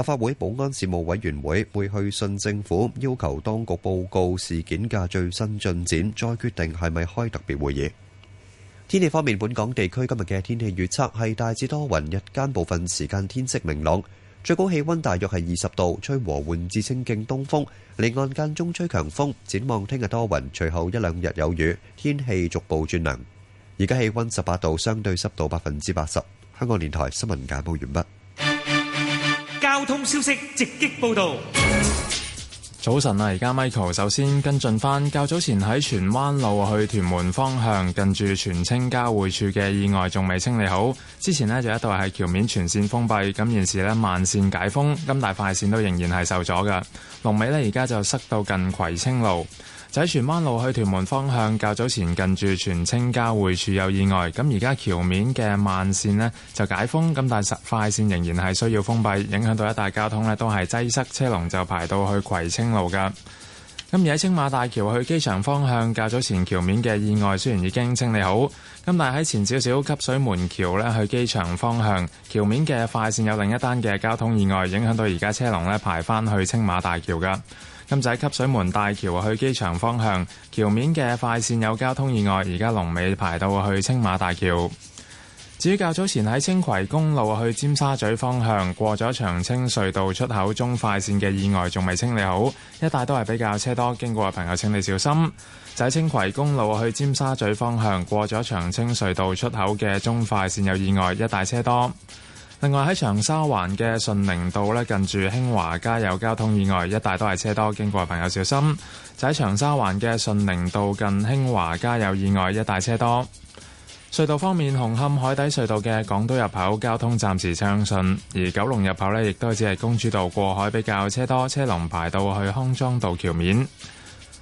立法會保安事務委員會會去信政府，要求當局報告事件嘅最新進展，再決定係咪開特別會議。天氣方面，本港地區今日嘅天氣預測係大致多雲，日間部分時間天色明朗，最高氣温大約係二十度，吹和緩至清勁東風，離岸間中吹強風。展望聽日多雲，隨後一兩日有雨，天氣逐步轉涼。而家氣温十八度，相對濕度百分之八十。香港電台新聞簡報完畢。交通消息直擊報道。早晨啊，而家 Michael 首先跟進返較早前喺荃灣路去屯門方向近住荃青交匯處嘅意外仲未清理好。之前呢，就一度係橋面全線封閉，咁現時呢，慢線解封，咁大快線都仍然係受阻㗎。龍尾呢，而家就塞到近葵青路。就喺荃灣路去屯門方向較早前近住荃青交匯處有意外，咁而家橋面嘅慢線呢就解封，咁但係快線仍然係需要封閉，影響到一帶交通呢都係擠塞，車龍就排到去葵青路噶。咁而喺青馬大橋去機場方向較早前橋面嘅意外雖然已經清理好，咁但係喺前少少汲水門橋呢去機場方向橋面嘅快線有另一單嘅交通意外，影響到而家車龍呢排返去青馬大橋噶。今仔喺汲水門大橋去機場方向，橋面嘅快線有交通意外，而家龍尾排到去青馬大橋。至於較早前喺青葵公路去尖沙咀方向，過咗長青隧道出口中快線嘅意外仲未清理好，一帶都係比較車多，經過嘅朋友請你小心。就喺青葵公路去尖沙咀方向，過咗長青隧道出口嘅中快線有意外，一帶車多。另外喺長沙灣嘅順寧道呢，近住興華街有交通意外，一帶都係車多，經過嘅朋友小心。就喺長沙灣嘅順寧道近興華街有意外，一帶車多。隧道方面，紅磡海底隧道嘅港島入口交通暫時暢順，而九龍入口呢，亦都只係公主道過海比較車多，車龍排到去康莊道橋面。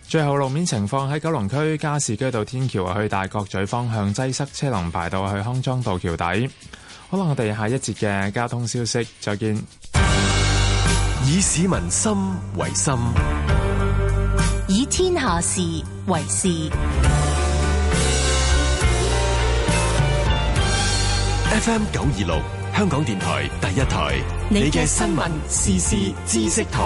最後路面情況喺九龍區加士居道天橋去大角咀方向擠塞，車龍排到去康莊道橋底。好啦，我哋下一節嘅交通消息，再見。以市民心為心，以天下事為事。FM 九二六，香港電台第一台。你嘅新聞時事，知識，聞時事知識台。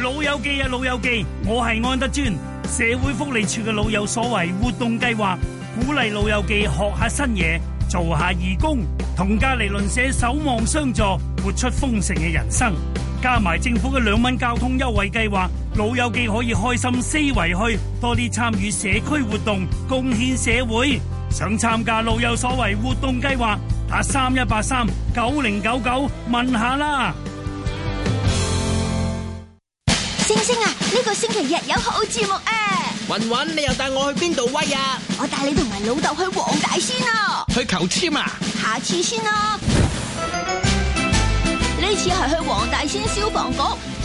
老友記啊，老友記，我係安德尊。社會福利處嘅老有所為活動計劃，鼓勵老友記學下新嘢，做下義工，同隔籬鄰舍守望相助，活出豐盛嘅人生。加埋政府嘅兩蚊交通優惠計劃，老友記可以開心四圍去，多啲參與社區活動，貢獻社會。想參加老有所為活動計劃，打三一八三九零九九問下啦。星星啊，呢個星期日有好節目啊！雲雲，你又帶我去邊度威啊？我帶你同埋老豆去黃大仙啊！去求簽啊！下次先啊。呢次係去黃大仙消防局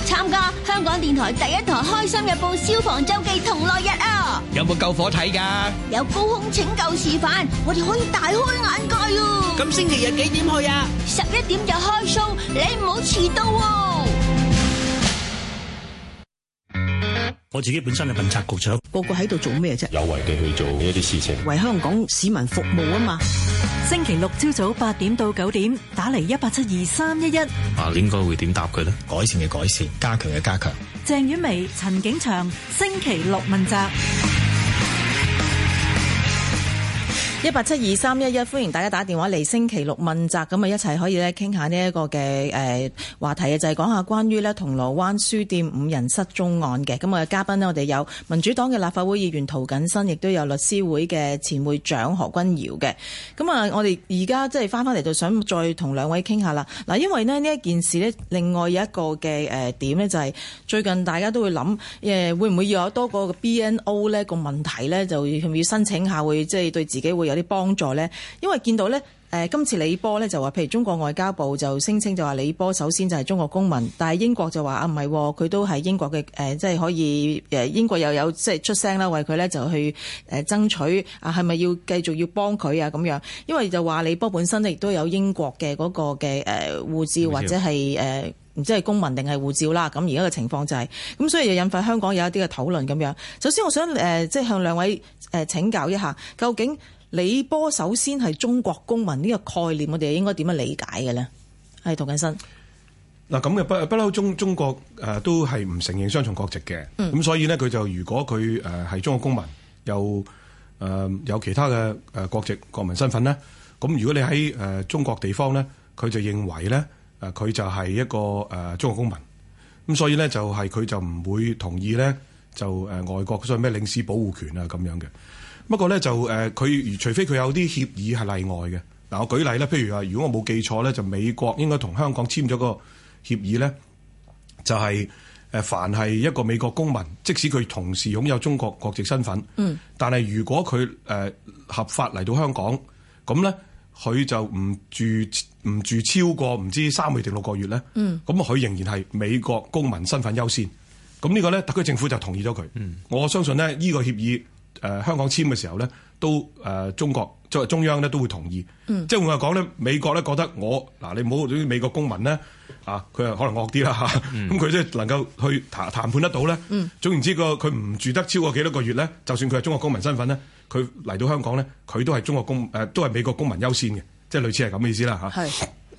參加香港電台第一台《開心日報》消防周記同樂日啊！有冇救火睇㗎？有高空拯救示範，我哋可以大開眼界啊！咁星期日幾點去啊？十一點就開 show，你唔好遲到喎！我自己本身係問責局長，個個喺度做咩啫？有為地去做一啲事情，為香港市民服務啊嘛！星期六朝早八點到九點，打嚟一八七二三一一。啊，應該會點答佢咧？改善嘅改善，加強嘅加強。鄭婉薇、陳景祥，星期六問責。一八七二三一一，歡迎大家打電話嚟。星期六問責，咁啊一齊可以咧傾下呢一個嘅誒話題啊，就係講下關於咧銅鑼灣書店五人失蹤案嘅。咁啊，嘉賓咧，我哋有民主黨嘅立法會議員涂謹申，亦都有律師會嘅前會長何君堯嘅。咁啊，我哋而家即係翻翻嚟，就想再同兩位傾下啦。嗱，因為咧呢一件事咧，另外有一個嘅誒點咧、就是，就係最近大家都會諗誒會唔會要有多個嘅 BNO 咧個問題咧，就要咪要申請一下會即係對自己會。有啲幫助呢，因為見到呢，今次李波呢就話，譬如中國外交部就聲稱就話李波首先就係中國公民，但係英國就話啊唔係，佢、啊、都係英國嘅、啊、即係可以英國又有即係出聲啦，為佢呢就去誒、啊、爭取啊，係咪要繼續要幫佢啊咁樣？因為就話李波本身亦都有英國嘅嗰、嗰個嘅誒、啊、護照或者係唔、啊、知係公民定係護照啦。咁而家嘅情況就係、係、咁，所以就引發香港有一啲嘅討論咁樣。首先我想、啊、即係向兩位誒請教一下，究竟，李波首先係中國公民呢個概念，我哋應該點樣理解嘅咧？係涂謹申。嗱咁嘅不不嬲中中國誒都係唔承認雙重國籍嘅。咁、嗯、所以咧，佢就如果佢誒係中國公民，又誒、呃、有其他嘅誒國籍國民身份咧，咁如果你喺誒中國地方咧，佢就認為咧誒佢就係一個誒中國公民。咁所以咧就係佢就唔會同意咧就誒外國所謂咩領事保護權啊咁樣嘅。不過咧就誒佢、呃、除非佢有啲協議係例外嘅，嗱我舉例咧，譬如話如果我冇記錯咧，就美國應該同香港簽咗個協議咧，就係、是呃、凡係一個美國公民，即使佢同時擁有中國國籍身份，嗯，但係如果佢、呃、合法嚟到香港，咁咧佢就唔住唔住超過唔知三個月定六個月咧，嗯，咁佢仍然係美國公民身份優先，咁呢個咧特區政府就同意咗佢、嗯，我相信咧，呢、呢個協議。誒、呃、香港簽嘅時候咧，都誒、呃、中國作為中央咧都會同意，即係換話講咧，就是、美國咧覺得我嗱你唔好對美國公民咧啊，佢係可能惡啲啦嚇，咁佢即係能夠去談談判得到咧、嗯，總言之個佢唔住得超過幾多個月咧，就算佢係中國公民身份咧，佢嚟到香港咧，佢都係中國公誒、呃、都係美國公民優先嘅，即係類似係咁嘅意思啦、啊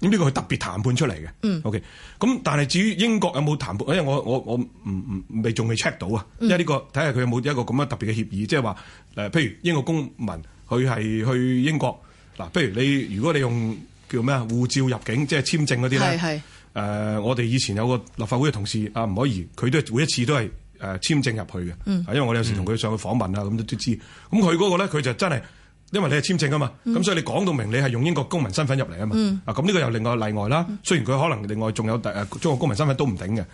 咁、這、呢個係特別談判出嚟嘅、嗯、，OK。咁但係至於英國有冇談判，因為我我我唔唔未仲未 check 到啊。因為呢、這個睇下佢有冇一個咁樣特別嘅協議，即係話誒，譬如英國公民佢係去英國嗱，譬如你如果你用叫咩啊護照入境，即係簽證嗰啲咧。係係、呃、我哋以前有個立法會嘅同事阿吳、啊、靄儀，佢都係每一次都係誒簽證入去嘅、嗯，因為我哋有時同佢上去訪問啊咁、嗯、都知。咁佢嗰個咧，佢就真係。因為你係簽證啊嘛，咁、嗯、所以你講到明你係用英國公民身份入嚟啊嘛，嗯、啊咁呢個又有另外例外啦。嗯、雖然佢可能另外仲有誒中國公民身份都唔定嘅。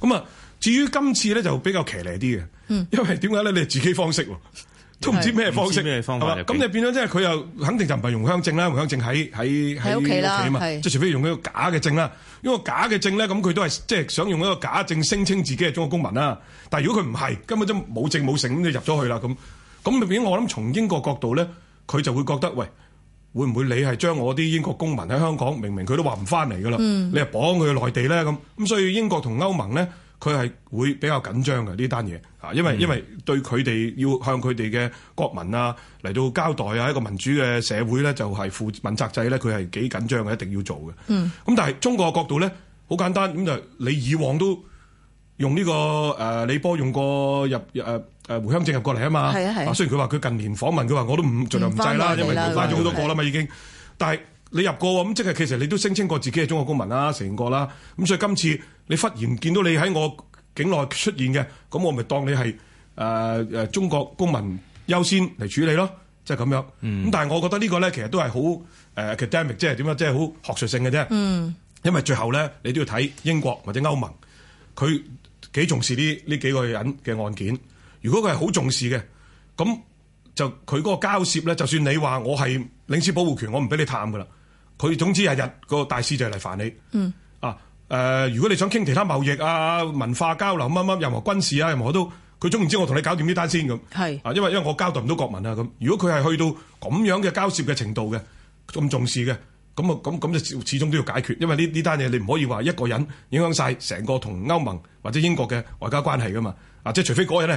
咁啊，至於今次咧就比較騎呢啲嘅，因為點解咧？你係自己方式喎、啊，都唔知咩方式，係嘛？咁你變咗即係佢又肯定就唔係用鄉證啦，鄉證喺喺喺屋企啦，即係除非用一個假嘅證啦。因為假嘅證咧，咁佢都係即係想用一個假證聲稱自己係中國公民啦。但係如果佢唔係，根本就冇證冇證咁就入咗去啦。咁咁我諗從英國角度咧。佢就會覺得，喂，會唔會你係將我啲英國公民喺香港，明明佢都話唔翻嚟噶啦，你係綁佢去內地咧咁咁，所以英國同歐盟咧，佢係會比較緊張嘅呢單嘢啊，因為、嗯、因為對佢哋要向佢哋嘅國民啊嚟到交代啊，一個民主嘅社會咧就係、是、負問責制咧，佢係幾緊張嘅，一定要做嘅。嗯，咁但係中國嘅角度咧，好簡單，咁就是你以往都，用呢、這個誒李、呃、波用個入誒誒回鄉證入過嚟啊嘛、啊，雖然佢話佢近年訪問佢話我都唔盡量唔制啦，了因為回翻咗好多個啦嘛已經，是但係你入過咁即係其實你都聲稱過自己係中國公民啦，成認啦，咁所以今次你忽然見到你喺我境內出現嘅，咁我咪當你係誒誒中國公民優先嚟處理咯，即係咁樣。咁、嗯、但係我覺得這個呢個咧其實都係好誒 academic，即係點啊，即係好學術性嘅啫、嗯。因為最後咧你都要睇英國或者歐盟佢。幾重視呢？呢幾個人嘅案件，如果佢係好重視嘅，咁就佢嗰個交涉咧，就算你話我係領事保護權，我唔俾你探噶啦。佢總之日日，嗰個大使就嚟煩你。嗯啊、誒、呃，如果你想傾其他貿易啊、文化交流乜乜任何軍事啊，任何都，佢總唔知我同你搞掂呢單先咁。係啊，因為因為我交代唔到國民啊咁。如果佢係去到咁樣嘅交涉嘅程度嘅咁重視嘅。咁啊，咁咁就始終終都要解決，因為呢呢單嘢你唔可以話一個人影響晒成個同歐盟或者英國嘅外交關係噶嘛。啊，即除非嗰個人咧，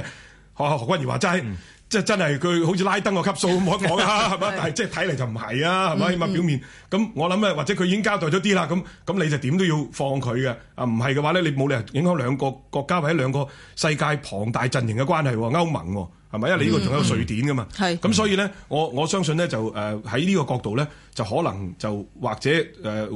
啊何，何君堯話齋，即係真係佢好似拉登個級數咁講啦，係咪、啊？ *laughs* 但係即睇嚟就唔係啊，係咪、嗯？表面咁我諗咧，或者佢已經交代咗啲啦，咁咁你就點都要放佢嘅啊？唔係嘅話咧，你冇理由影響兩個國家或者兩個世界龐大陣營嘅關係喎，歐盟喎、哦。係咪？因為你呢個仲有瑞典㗎嘛？係、嗯。咁、嗯嗯、所以咧，我我相信咧就誒喺呢個角度咧，就可能就或者誒、呃、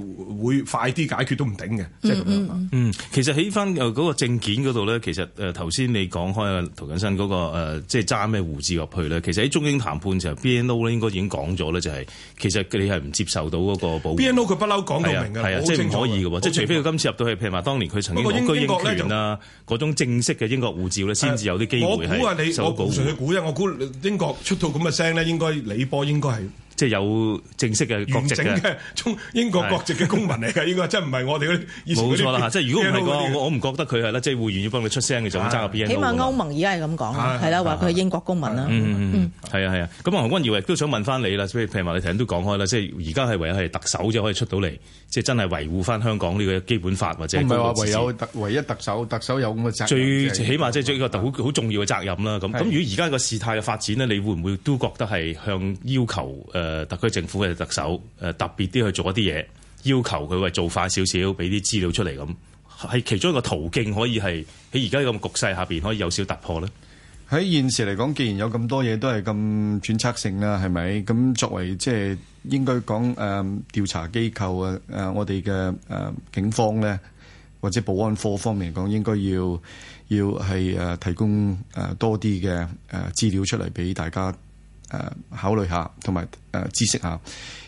會快啲解決都唔定嘅，即係咁樣嗯嗯。嗯，其實起翻誒嗰個證件嗰度咧，其實誒頭先你講開涂謹申嗰、那個、呃、即係揸咩護照入去咧。其實喺中英談判時候，BNO 咧應該已經講咗咧，就係其實你係唔接受到嗰個保護。BNO 佢不嬲講到明㗎，啊，即係唔可以㗎喎，即係除非佢今次入到去，譬如話當年佢曾經英居英權、啊、英國嗰種正式嘅英國護照咧，先至、啊、有啲機會係受保你估啫，我估英國出到咁嘅聲咧，應該李波應該係。即係有正式嘅國籍嘅，英國國籍嘅公民嚟嘅，呢個真唔係我哋以前嗰啲。冇錯啦，即係如果唔係我唔覺得佢係啦，即係會願意幫佢出聲嘅就爭個 BNO。起碼歐盟而家係咁講啦，係啦，話佢係英國公民啦。嗯嗯，係啊係啊，咁何君堯亦都想問翻你啦，譬如譬如話你頭先都講開啦，即係而家係唯有係特首就可以出到嚟，即係真係維護翻香港呢個基本法或者。唔係話唯有唯一特首，特首有咁嘅責。最起碼即係最一個好好重要嘅責任啦。咁咁如果而家個事態嘅發展呢，你會唔會都覺得係向要求誒？誒，特區政府嘅特首誒，特別啲去做一啲嘢，要求佢為做快少少，俾啲資料出嚟咁，係其中一個途徑，可以係喺而家咁局勢下邊，可以有少少突破咧。喺現時嚟講，既然有咁多嘢都係咁揣測性啦，係咪？咁作為即係、就是、應該講誒，調查機構啊，誒，我哋嘅誒警方咧，或者保安科方面嚟講，應該要要係誒提供誒多啲嘅誒資料出嚟俾大家誒考慮下，同埋。誒知識啊！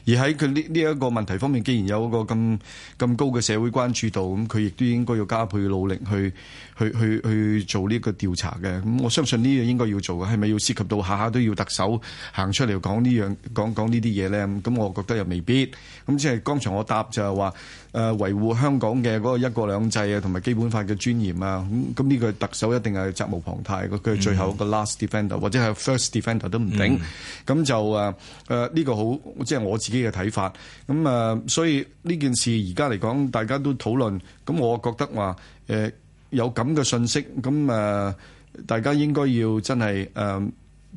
而喺佢呢呢一個問題方面，既然有一個咁咁高嘅社會關注度，咁佢亦都應該要加倍努力去去去去做呢個調查嘅。咁我相信呢樣應該要做嘅，係咪要涉及到下下都要特首行出嚟講、這個、講，講呢樣講講呢啲嘢咧？咁我覺得又未必。咁即係剛才我答就係話誒維護香港嘅嗰個一國兩制啊，同埋基本法嘅尊嚴啊，咁咁呢個特首一定係責無旁貸嘅，佢係最後一個 last defender、嗯、或者係 first defender 都唔定。咁、嗯、就誒誒。呃呢、這個好，即、就、係、是、我自己嘅睇法。咁啊，所以呢件事而家嚟講，大家都討論。咁我覺得話，誒有咁嘅信息。咁啊，大家應該要真係誒、呃、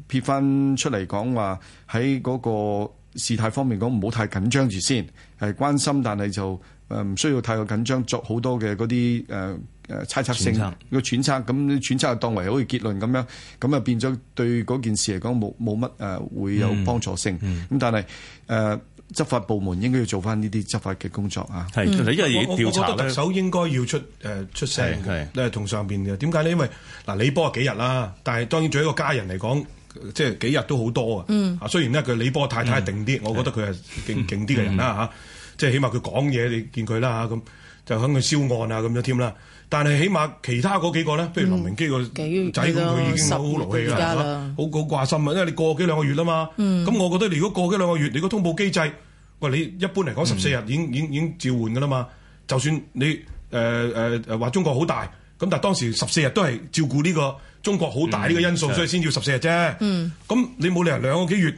撇返出嚟講話，喺嗰個事態方面講，唔好太緊張住先。係關心，但係就誒唔、呃、需要太過緊張，作好多嘅嗰啲誒。呃誒猜測性要揣測，咁揣測又當為好似結論咁樣，咁啊變咗對嗰件事嚟講冇冇乜誒會有幫助性。咁、嗯嗯、但係誒、呃、執法部門應該要做翻呢啲執法嘅工作啊。係、嗯，因為要調查咧。特首應該要出誒、呃、出聲嘅，同上邊嘅。點解呢？因為嗱李波啊幾日啦，但係當然做一個家人嚟講，即係幾日都好多啊。嗯。雖然呢，佢李波太太定啲，我覺得佢係勁勁啲嘅人啦嚇、嗯嗯啊，即係起碼佢講嘢，你見佢啦嚇咁，就向佢銷案啊咁樣添啦。但係起碼其他嗰幾個咧，譬如林榮基、嗯、幾個仔，佢已經都好勞氣啦，好好掛心啊。因為你過幾兩個月啦嘛，咁、嗯、我覺得，你如果過幾兩個月，你個通報機制，喂，你一般嚟講十四日已經、嗯、已已召喚噶啦嘛。就算你誒誒誒話中國好大，咁但係當時十四日都係照顧呢個中國好大呢個因素，嗯、所以先要十四日啫。咁、嗯、你冇理由兩個幾月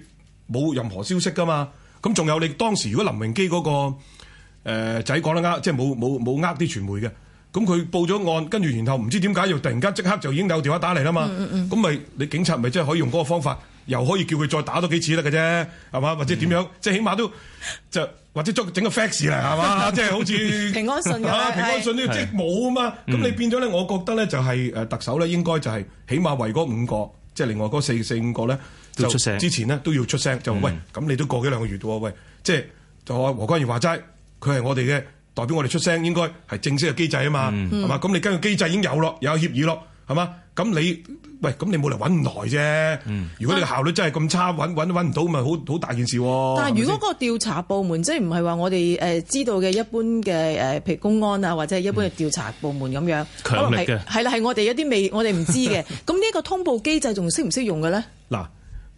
冇任何消息噶嘛？咁仲有你當時如果林榮基嗰個仔講得啱，即係冇冇冇啲傳媒嘅。咁佢報咗案，跟住然後唔知點解又突然間即刻就已經有電話打嚟啦嘛，咁、嗯、咪、嗯、你警察咪即係可以用嗰個方法，又可以叫佢再打多幾次得嘅啫，係嘛？或者點樣？嗯、即係起碼都就或者捉整個 fax 嚟，係嘛？即 *laughs* 係好似平安信啊，平安信呢即係冇啊嘛。咁、嗯、你變咗咧，我覺得咧就係、是、誒特首咧應該就係起碼為嗰五個，即、就、係、是、另外嗰四四五個咧，就之前咧都要出聲，就、嗯、喂咁你都過幾兩個月喎，喂，即係就和員我何君堯話齋，佢係我哋嘅。代表我哋出聲，應該係正式嘅機制啊嘛，係、嗯、嘛？咁你根據機制已經有咯，有協議咯，係嘛？咁你喂咁你冇嚟揾唔耐啫。如果你個效率真係咁差，揾揾揾唔到，咪好好大件事喎、啊。但係如果嗰個調查部門即係唔係話我哋誒知道嘅一般嘅誒譬如公安啊，或者係一般嘅調查部門咁樣、嗯，可能強力嘅係啦，係我哋一啲未我哋唔知嘅。咁 *laughs* 呢個通報機制仲識唔識用嘅咧？嗱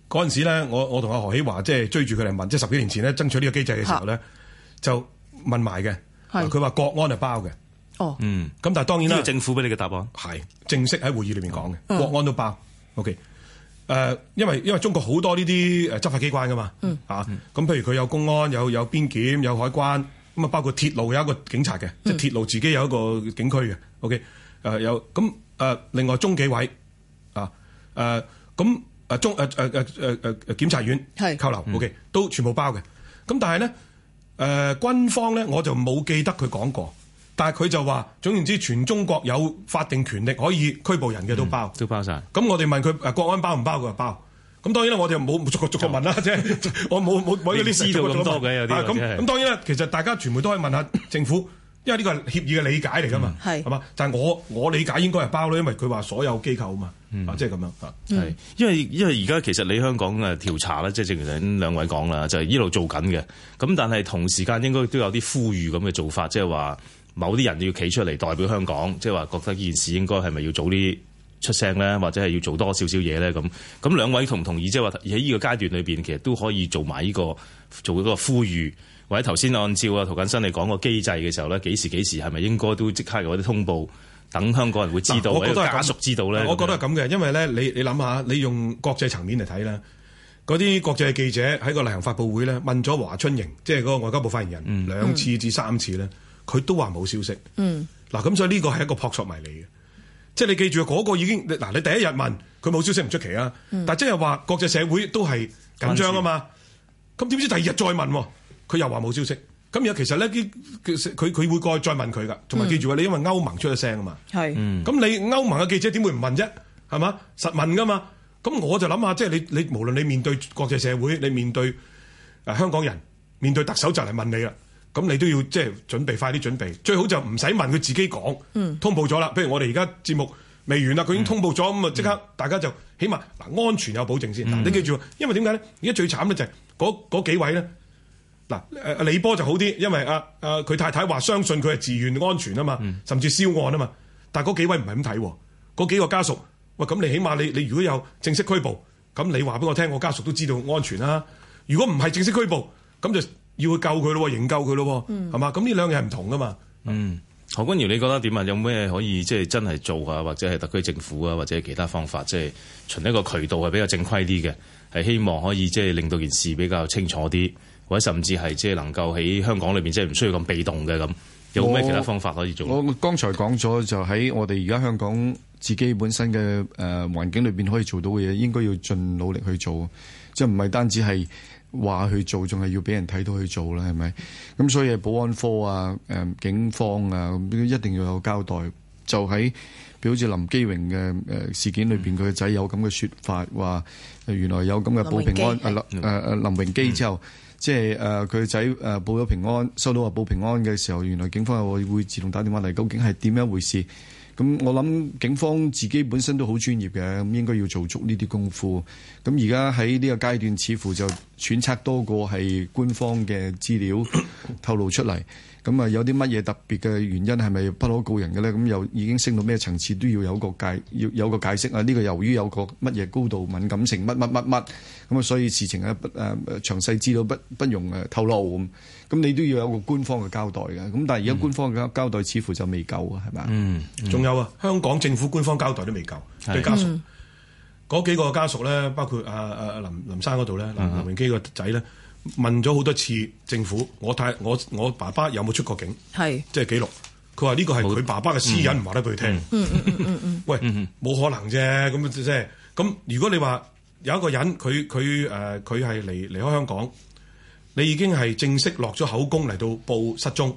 嗰陣時咧，我我同阿何喜華即係追住佢嚟問，即係十幾年前咧爭取呢個機制嘅時候咧，就問埋嘅。佢話國安係包嘅，哦，嗯，咁但係當然啦，呢個政府俾你嘅答案係正式喺會議裏面講嘅，嗯，國安都包，OK，誒、呃，因為因為中國好多呢啲誒執法機關噶嘛、嗯，啊，咁譬如佢有公安，有有邊檢，有海關，咁啊包括鐵路有一個警察嘅、嗯，即係鐵路自己有一個警區嘅，OK，誒、呃、有，咁誒、呃、另外中紀委，啊，誒、呃，咁誒中誒誒誒誒誒檢察院係扣留、嗯、，OK，都全部包嘅，咁但係咧。誒、呃，軍方咧，我就冇記得佢講過，但係佢就話總言之，全中國有法定權力可以拘捕人嘅都包、嗯，都包晒咁、嗯、我哋問佢國安包唔包？佢話包。咁當然啦，我哋冇逐個逐個問啦，即係我冇冇冇嗰啲私照咁多嘅，咁咁當然啦，其實大家傳媒都可以問下政府，因為呢個係協議嘅理解嚟噶嘛。係、嗯。係嘛？但係我我理解應該係包啦，因為佢話所有機構啊嘛。即係咁樣嚇，係、嗯，因為因為而家其實你香港嘅調查咧，即、就、係、是、正如兩位講啦，就係、是、一路做緊嘅。咁但係同時間應該都有啲呼籲咁嘅做法，即係話某啲人要企出嚟代表香港，即係話覺得呢件事應該係咪要早啲出聲咧，或者係要做多少少嘢咧咁。咁兩位同唔同意？即係話喺呢個階段裏邊，其實都可以做埋呢個做嗰個呼籲，或者頭先按照啊涂謹申你講個機制嘅時候咧，幾時幾時係咪應該都即刻有啲通報？等香港人會知道，啲家屬知道咧。我覺得係咁嘅，因為咧，你你諗下，你用國際層面嚟睇咧，嗰啲國際記者喺個例行發佈會咧，問咗華春瑩，即係嗰個外交部發言人、嗯、兩次至三次咧，佢都話冇消息。嗱、嗯，咁、啊、所以呢個係一個撲朔迷離嘅，即係你記住嗰、嗰個已經嗱，你第一日問佢冇消息唔出奇啊、嗯，但即係話國際社會都係緊張啊嘛。咁點知第二日再問佢又話冇消息。咁又其實咧，佢佢會過去再問佢㗎，同埋記住啊，你因為歐盟出咗聲啊嘛，咁你歐盟嘅記者點會唔問啫？係嘛，實問㗎嘛。咁我就諗下，即係你你無論你面對國際社會，你面對、呃、香港人，面對特首就嚟問你啦。咁你都要即係準備，快啲準備，最好就唔使問佢自己講。通報咗啦。譬如我哋而家節目未完啦，佢已經通報咗，咁啊即刻大家就起碼嗱安全有保證先。嗱、嗯，你記住，因為點解咧？而家最慘咧就係嗰嗰幾位咧。嗱，阿李波就好啲，因為啊阿佢太太話相信佢係自願安全啊嘛、嗯，甚至燒案啊嘛。但係嗰幾位唔係咁睇，嗰幾個家屬，喂咁你起碼你你如果有正式拘捕，咁你話俾我聽，我家屬都知道安全啦。如果唔係正式拘捕，咁就要去救佢咯，營救佢咯，係、嗯、嘛？咁呢兩樣係唔同噶嘛？嗯，何君堯，你覺得點啊？有咩可以即係真係做下，或者係特區政府啊，或者其他方法，即、就、係、是、循一個渠道係比較正規啲嘅，係希望可以即係令到件事比較清楚啲。或者甚至係即係能夠喺香港裏邊即係唔需要咁被動嘅咁，有冇咩其他方法可以做？我剛才講咗就喺我哋而家香港自己本身嘅誒環境裏邊可以做到嘅嘢，應該要盡努力去做，即係唔係單止係話去做，仲係要俾人睇到去做啦，係咪？咁所以保安科啊，誒、呃、警方啊，一定要有交代。就喺，好似林基榮嘅誒事件裏邊，佢個仔有咁嘅說法，話原來有咁嘅報平安誒誒林榮基，啊呃、林榮基之後。嗯嗯。即係誒佢個仔誒報咗平安，收到話報平安嘅時候，原來警方又會自動打電話嚟，究竟係點樣一回事？咁我諗警方自己本身都好專業嘅，咁應該要做足呢啲功夫。咁而家喺呢個階段，似乎就揣測多過係官方嘅資料透露出嚟。咁啊，有啲乜嘢特別嘅原因，係咪不可告人嘅咧？咁又已經升到咩層次，都要有個解，要有個解釋啊！呢個由於有個乜嘢高度敏感性，乜乜乜乜，咁啊，所以事情啊，不誒誒，詳細知道不不容誒透露咁。咁你都要有個官方嘅交代嘅。咁但係而家官方嘅交代似乎就未夠啊，係咪？嗯，仲有啊，香港政府官方交代都未夠，對家屬嗰幾個家屬咧，包括阿阿林林生嗰度咧，林林榮基個仔咧。問咗好多次政府，我睇我我爸爸有冇出過境？係即係記錄。佢話呢個係佢爸爸嘅私隱，唔話得俾佢聽。嗯嗯嗯嗯。喂，冇、嗯、可能啫。咁即係咁。如果你話有一個人，佢佢誒佢係離離開香港，你已經係正式落咗口供嚟到報失蹤，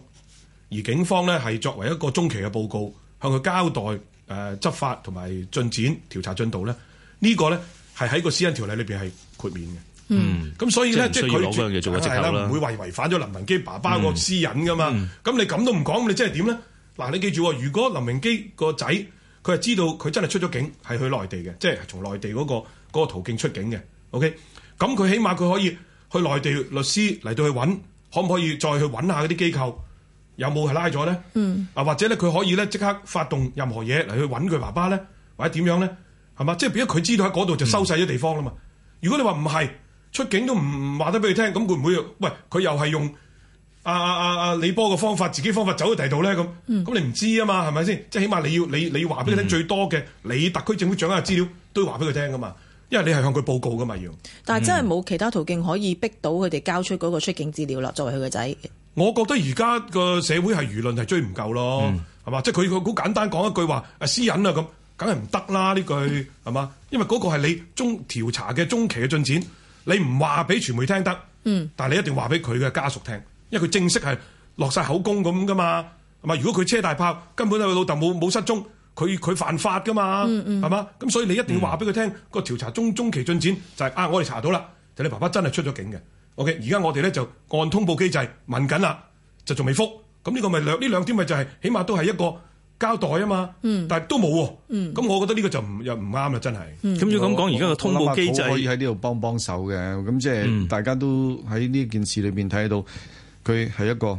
而警方咧係作為一個中期嘅報告向佢交代誒、呃、執法同埋進展調查進度咧，這個、呢個咧係喺個私隱條例裏面係豁免嘅。嗯，咁、嗯嗯、所以咧，即係佢係啦，唔、嗯、會違反咗林明基爸爸個私隱噶嘛？咁、嗯嗯、你咁都唔講，你即係點咧？嗱，你記住，如果林明基個仔佢係知道佢真係出咗境，係去內地嘅，即、就、係、是、從內地嗰、那個嗰、那個、途徑出境嘅，OK？咁佢起碼佢可以去內地律師嚟到去揾，可唔可以再去揾下嗰啲機構有冇係拉咗咧？嗯，啊或者咧佢可以咧即刻發動任何嘢嚟去揾佢爸爸咧，或者點樣咧？係嘛？即係變咗佢知道喺嗰度就收晒咗地方啦嘛。如果你話唔係，出境都唔話得俾佢聽，咁會唔會？喂，佢又係用阿阿阿阿李波嘅方法，自己方法走嘅地、嗯、度咧？咁咁你唔知啊嘛，係咪先？即係起碼你要你你要話俾佢聽，最多嘅、嗯、你特區政府掌握嘅資料都要話俾佢聽噶嘛，因為你係向佢報告噶嘛要。但係真係冇其他途徑可以逼到佢哋交出嗰個出境資料啦。作為佢個仔，嗯、我覺得而家個社會係輿論係追唔夠咯，係嘛、嗯？即係佢佢好簡單講一句話，誒、啊、私隱啊咁，梗係唔得啦，呢句係嘛？因為嗰個係你中調查嘅中期嘅進展。你唔話俾傳媒聽得，但你一定要話俾佢嘅家屬聽，因為佢正式係落晒口供咁噶嘛，係嘛？如果佢車大炮，根本佢老豆冇冇失蹤，佢佢犯法噶嘛，係、嗯、嘛、嗯？咁所以你一定要話俾佢聽，個調查中中期進展就係、是、啊，我哋查到啦，就你爸爸真係出咗警嘅。OK，而家我哋咧就按通報機制問緊啦，就仲未覆，咁呢個咪、就是、兩呢兩天咪就係、是，起碼都係一個。交代啊嘛，嗯、但係都冇喎、啊，咁、嗯嗯、我覺得呢個就又唔啱啦，真係咁就咁講。而家個通報機制我我想想可以喺呢度幫幫手嘅，咁即係大家都喺呢件事裏面睇到佢係、嗯、一個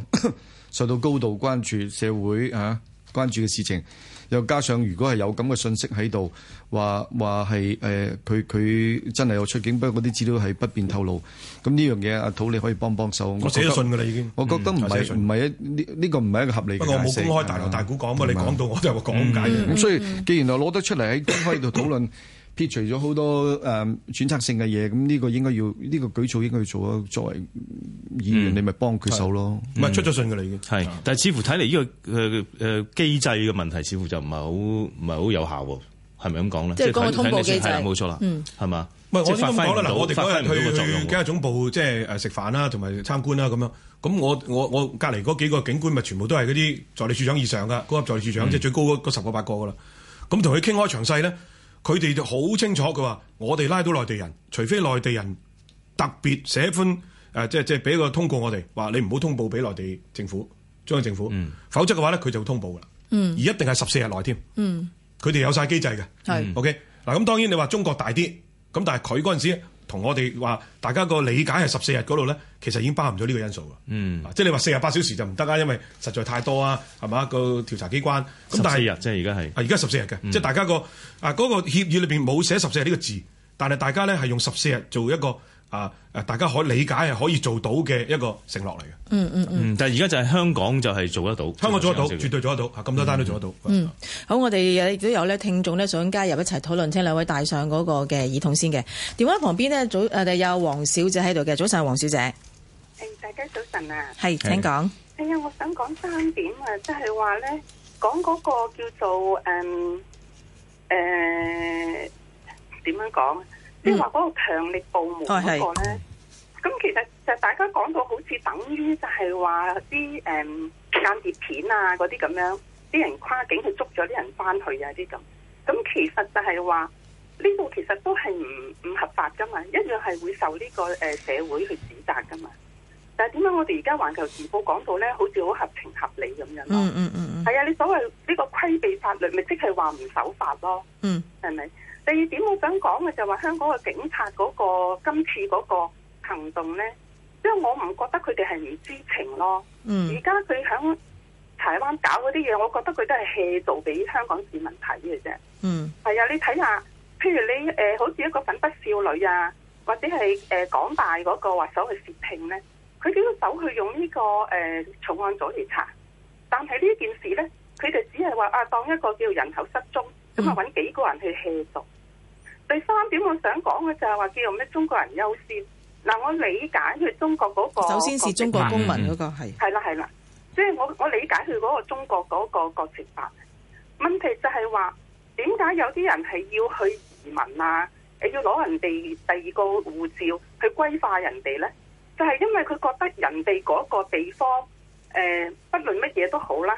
受到高度關注社會啊關注嘅事情。又加上，如果係有咁嘅信息喺度，話話係誒，佢佢真係有出境，不過嗰啲資料係不便透露。咁呢樣嘢，阿土你可以幫幫手。我寫咗信㗎啦，已經。我覺得唔係唔係一呢呢個唔係一個合理嘅。不過我冇公開大鑼大鼓講，嘛你講到我就話講解嘅。咁所以既然我攞得出嚟喺公開度討論。撇除咗好多誒選擇性嘅嘢，咁、這、呢個應該要呢、這個舉措應該要做。作為議員，嗯、你咪幫佢手咯，唔係出咗信嘅啦已經。係、嗯，但係似乎睇嚟呢個誒誒機制嘅問題，似乎就唔係好唔係好有效喎。係咪咁講咧？即係講通報機制，冇錯啦。嗯，係嘛？我先都可能我哋嗰日去去警察總部，即係誒食飯啦，同埋參觀啦咁樣。咁我我我隔籬嗰幾個警官咪全部都係嗰啲助理處長以上嘅高級助理處長，嗯、即係最高嗰十個八個噶啦。咁同佢傾開詳細咧。佢哋就好清楚，佢話：我哋拉到內地人，除非內地人特別寫一封，誒、呃，即係即係俾個通告我哋，話你唔好通報俾內地政府中央政府，嗯、否則嘅話咧，佢就會通報噶啦。嗯，而一定係十四日內添。嗯，佢哋有晒機制嘅。係、嗯，OK 嗱。咁當然你話中國大啲，咁但係佢嗰陣時。同我哋話大家個理解係十四日嗰度咧，其實已經包含咗呢個因素，嗯，即係你話四十八小時就唔得啦，因為實在太多啊，係嘛、個調查機關咁、啊。但係四日即係而家係啊，而家十四日嘅，即、嗯、係、就是、大家個啊嗰、嗰個協議裏面冇寫十四日呢個字，但係大家咧係用十四日做一個。啊！大家可以理解，係可以做到嘅一個承諾嚟嘅。嗯嗯嗯。但係而家就係香港，就係做得到。香港做得到，絕對做得到。咁、嗯、多單都做得到。嗯，嗯好，我哋亦都有咧聽眾咧想加入一齊討論，請兩位戴上嗰個嘅耳筒先嘅。電話旁邊咧早哋有黃小姐喺度嘅，早晨黃小姐。Hey, 大家早晨啊！係，請講。哎呀，我想講三點啊，即係話咧講嗰個叫做嗯，誒、呃、點、呃、樣講？即係話嗰個強力部門嗰個咧，咁、啊、其實就大家講到好似等於就係話啲誒間諜片啊嗰啲咁樣，啲人跨境去捉咗啲人翻去啊啲咁，咁其實就係話呢度其實都係唔唔合法噶嘛，一樣係會受呢個誒社會去指責噶嘛。但係點解我哋而家環球時報講到咧，好似好合情合理咁樣囉？嗯？嗯嗯，係啊，你所謂呢個規避法律，咪即係話唔守法咯？嗯，係咪？第二點我想講嘅就話、是、香港嘅警察嗰、那個今次嗰個行動呢，即係我唔覺得佢哋係唔知情咯。嗯，而家佢響台灣搞嗰啲嘢，我覺得佢都係做戲俾香港市民睇嘅啫。嗯，係啊，你睇下，譬如你誒、呃、好似一個粉筆少女啊，或者係誒、呃、港大嗰個話走去竊聽呢，佢點樣走去用呢、這個誒、呃、重案組嚟查，但係呢件事呢，佢就只係話啊當一個叫人口失蹤，咁啊揾幾個人去做戲。嗯。第三點我想講嘅就係話，叫咩中國人優先嗱，我理解佢中國嗰個首先是中國公民，嗰個係係啦係啦，即係我我理解佢嗰個中國嗰個國籍法。問題就係話，點解有啲人係要去移民啊？誒，要攞人哋第二個護照去歸化人哋咧？就係因為佢覺得人哋嗰個地方誒，不論乜嘢都好啦，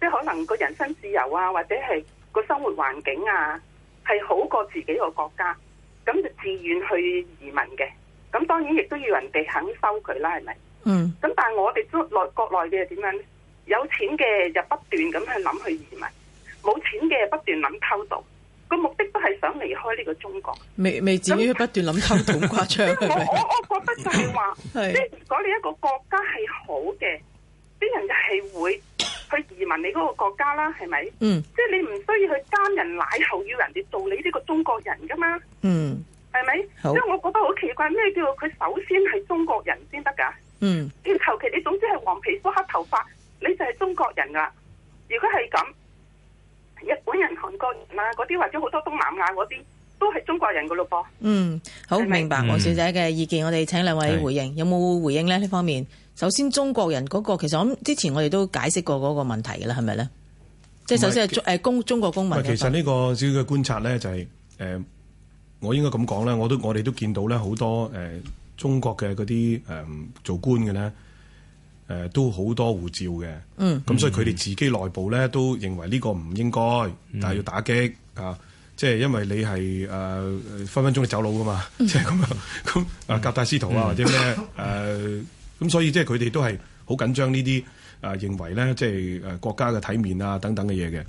即係可能個人身自由啊，或者係個生活環境啊。係好過自己個國家，咁就自願去移民嘅。咁當然亦都要人哋肯收佢啦，係咪？嗯。咁但係我哋都內國內嘅點樣咧？有錢嘅就不斷咁去諗去移民，冇錢嘅不斷諗偷渡。個目的都係想離開呢個中國。未未至於不斷諗偷渡咁誇張。即係我我我覺得就係話，即 *laughs* 係、就是、如果你一個國家係好嘅。啲人就係會去移民你嗰個國家啦，係咪？嗯。即係你唔需要去爭人奶，後要人哋做你呢個中國人噶嘛？嗯。係咪？好。因為我覺得好奇怪，咩叫佢首先係中國人先得噶？嗯。你求其你總之係黃皮膚黑頭髮，你就係中國人噶。如果係咁，日本人、韓國人啊，嗰啲或者好多東南亞嗰啲都係中國人噶咯噃。嗯，好，明白。黃小姐嘅意見，我哋請兩位回應，嗯、有冇回應咧？呢方面？首先，中國人嗰、那個其實我諗之前我哋都解釋過嗰個問題嘅啦，係咪咧？即係首先係誒公中國公民。其實呢個主要嘅觀察咧、就是，就係我應該咁講咧，我都我哋都見到咧，好、呃、多中國嘅嗰啲做官嘅咧、呃，都好多護照嘅。咁、嗯、所以佢哋自己內部咧都認為呢個唔應該，嗯、但係要打擊、嗯、啊！即、就、係、是、因為你係誒、呃、分分鐘你走佬噶嘛，即係咁樣咁啊，夾帶私逃啊、嗯、或者咩 *laughs* 咁所以即係佢哋都係好緊張呢啲啊，認為咧即係誒國家嘅體面啊等等嘅嘢嘅。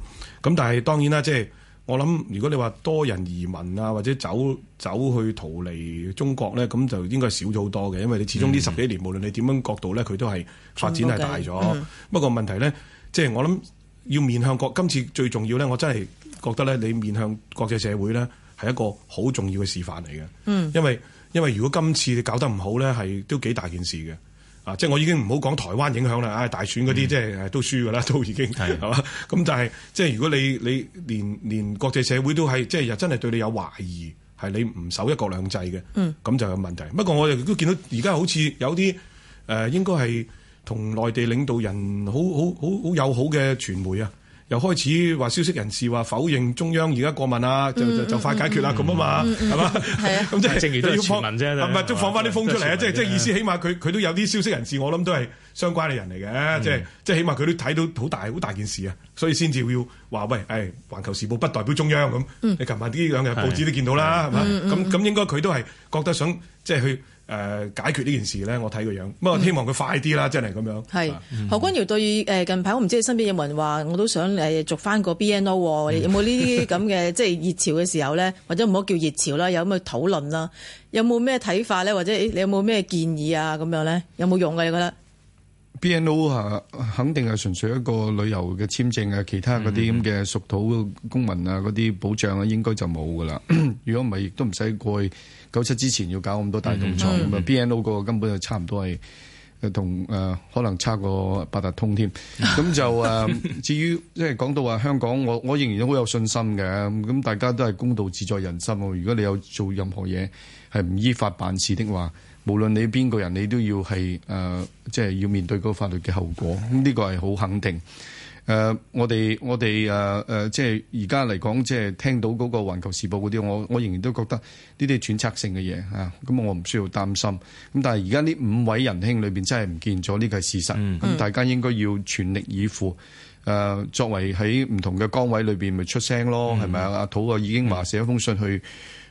咁但係當然啦，即係我諗，如果你話多人移民啊，或者走走去逃離中國咧，咁就應該少咗好多嘅，因為你始終呢十幾年、嗯、無論你點樣角度咧，佢都係發展係大咗、嗯嗯。不過問題咧，即係我諗要面向國今次最重要咧，我真係覺得咧，你面向國際社會咧係一個好重要嘅示範嚟嘅、嗯，因為因為如果今次你搞得唔好咧，係都幾大件事嘅。啊！即係我已經唔好講台灣影響啦，啊大選嗰啲即係都輸㗎啦、嗯，都已經係嘛？咁 *laughs* 但係即係如果你你連連國際社會都係即係又真係對你有懷疑，係你唔守一國兩制嘅，咁、嗯、就有問題。不過我又都見到而家好似有啲誒、呃，應該係同內地領導人好好好好友好嘅傳媒啊。又開始話消息人士話否認中央而家過問、嗯嗯、啊， *laughs* 就就就快解決啦咁啊嘛，係嘛？係啊，咁即係正如都要傳聞啫，唔係都放翻啲風出嚟啊！即係即係意思，起碼佢佢都有啲消息人士，我諗都係相關嘅人嚟嘅，即係即係起碼佢都睇到好大好大件事啊，所以先至會要話喂，係、哎《環球時報》不代表中央咁。你琴日啲兩日報紙、嗯、都見到啦，係嘛？咁咁、嗯、應該佢都係覺得想即係去。就是誒、呃、解決呢件事咧，我睇個樣、嗯、樣，不過希望佢快啲啦，真係咁樣。係何君堯，對誒近排我唔知你身邊有冇人話，我都想誒續翻個 BNO、嗯、有冇呢啲咁嘅即係熱潮嘅時候咧， *laughs* 或者唔好叫熱潮啦，有咁嘅討論啦，有冇咩睇法咧，或者你有冇咩建議啊咁樣咧，有冇用嘅你覺得？B N O 啊，肯定係純粹一個旅遊嘅簽證啊，其他嗰啲咁嘅屬土公民啊，嗰啲保障啊，應該就冇噶啦。如果唔係，亦都唔使過去九七之前要搞咁多大動作。咁、嗯、啊，B N O 個根本就差唔多係同誒，可能差過八達通添。咁就誒、啊，至於即係講到話香港，我我仍然都好有信心嘅。咁大家都係公道自在人心。如果你有做任何嘢係唔依法辦事的話。無論你邊個人，你都要係誒、呃，即係要面對嗰法律嘅後果。咁呢個係好肯定。誒、呃，我哋我哋誒誒，即係而家嚟講，即係聽到嗰個環球時報嗰啲，我我仍然都覺得呢啲係揣測性嘅嘢啊。咁我唔需要擔心。咁但係而家呢五位仁兄裏邊真係唔見咗，呢個係事實。咁、嗯、大家應該要全力以赴。誒、呃，作為喺唔同嘅崗位裏邊，咪出聲咯，係、嗯、咪啊？阿土啊，已經話寫封信去。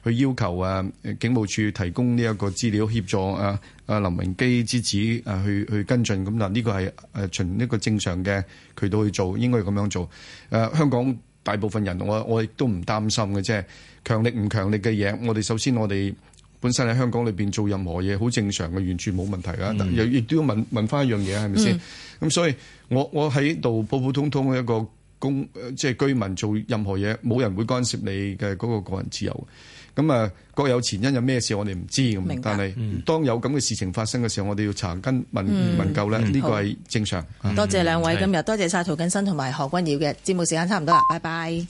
去要求啊，警務處提供呢一個資料協助啊，啊林榮基之子啊去去跟進咁。嗱，呢個係誒循一個正常嘅渠道去做，應該咁樣做。誒香港大部分人，我我亦都唔擔心嘅，即係強力唔強力嘅嘢，我哋首先我哋本身喺香港裏面做任何嘢好正常嘅，完全冇問題啊。但亦都要問問翻一樣嘢，係咪先？咁、嗯、所以我我喺度普普通通一個公即係居民做任何嘢，冇人會干涉你嘅嗰個個人自由。咁啊，各有前因，有咩事我哋唔知咁，但係是、嗯、當有咁嘅事情發生嘅時候，我哋要查根問、嗯、問究救咧，呢個係正常。好嗯、多謝兩位今，今日的多謝晒涂謹申同埋何君堯，嘅節目時間差唔多啦，拜拜。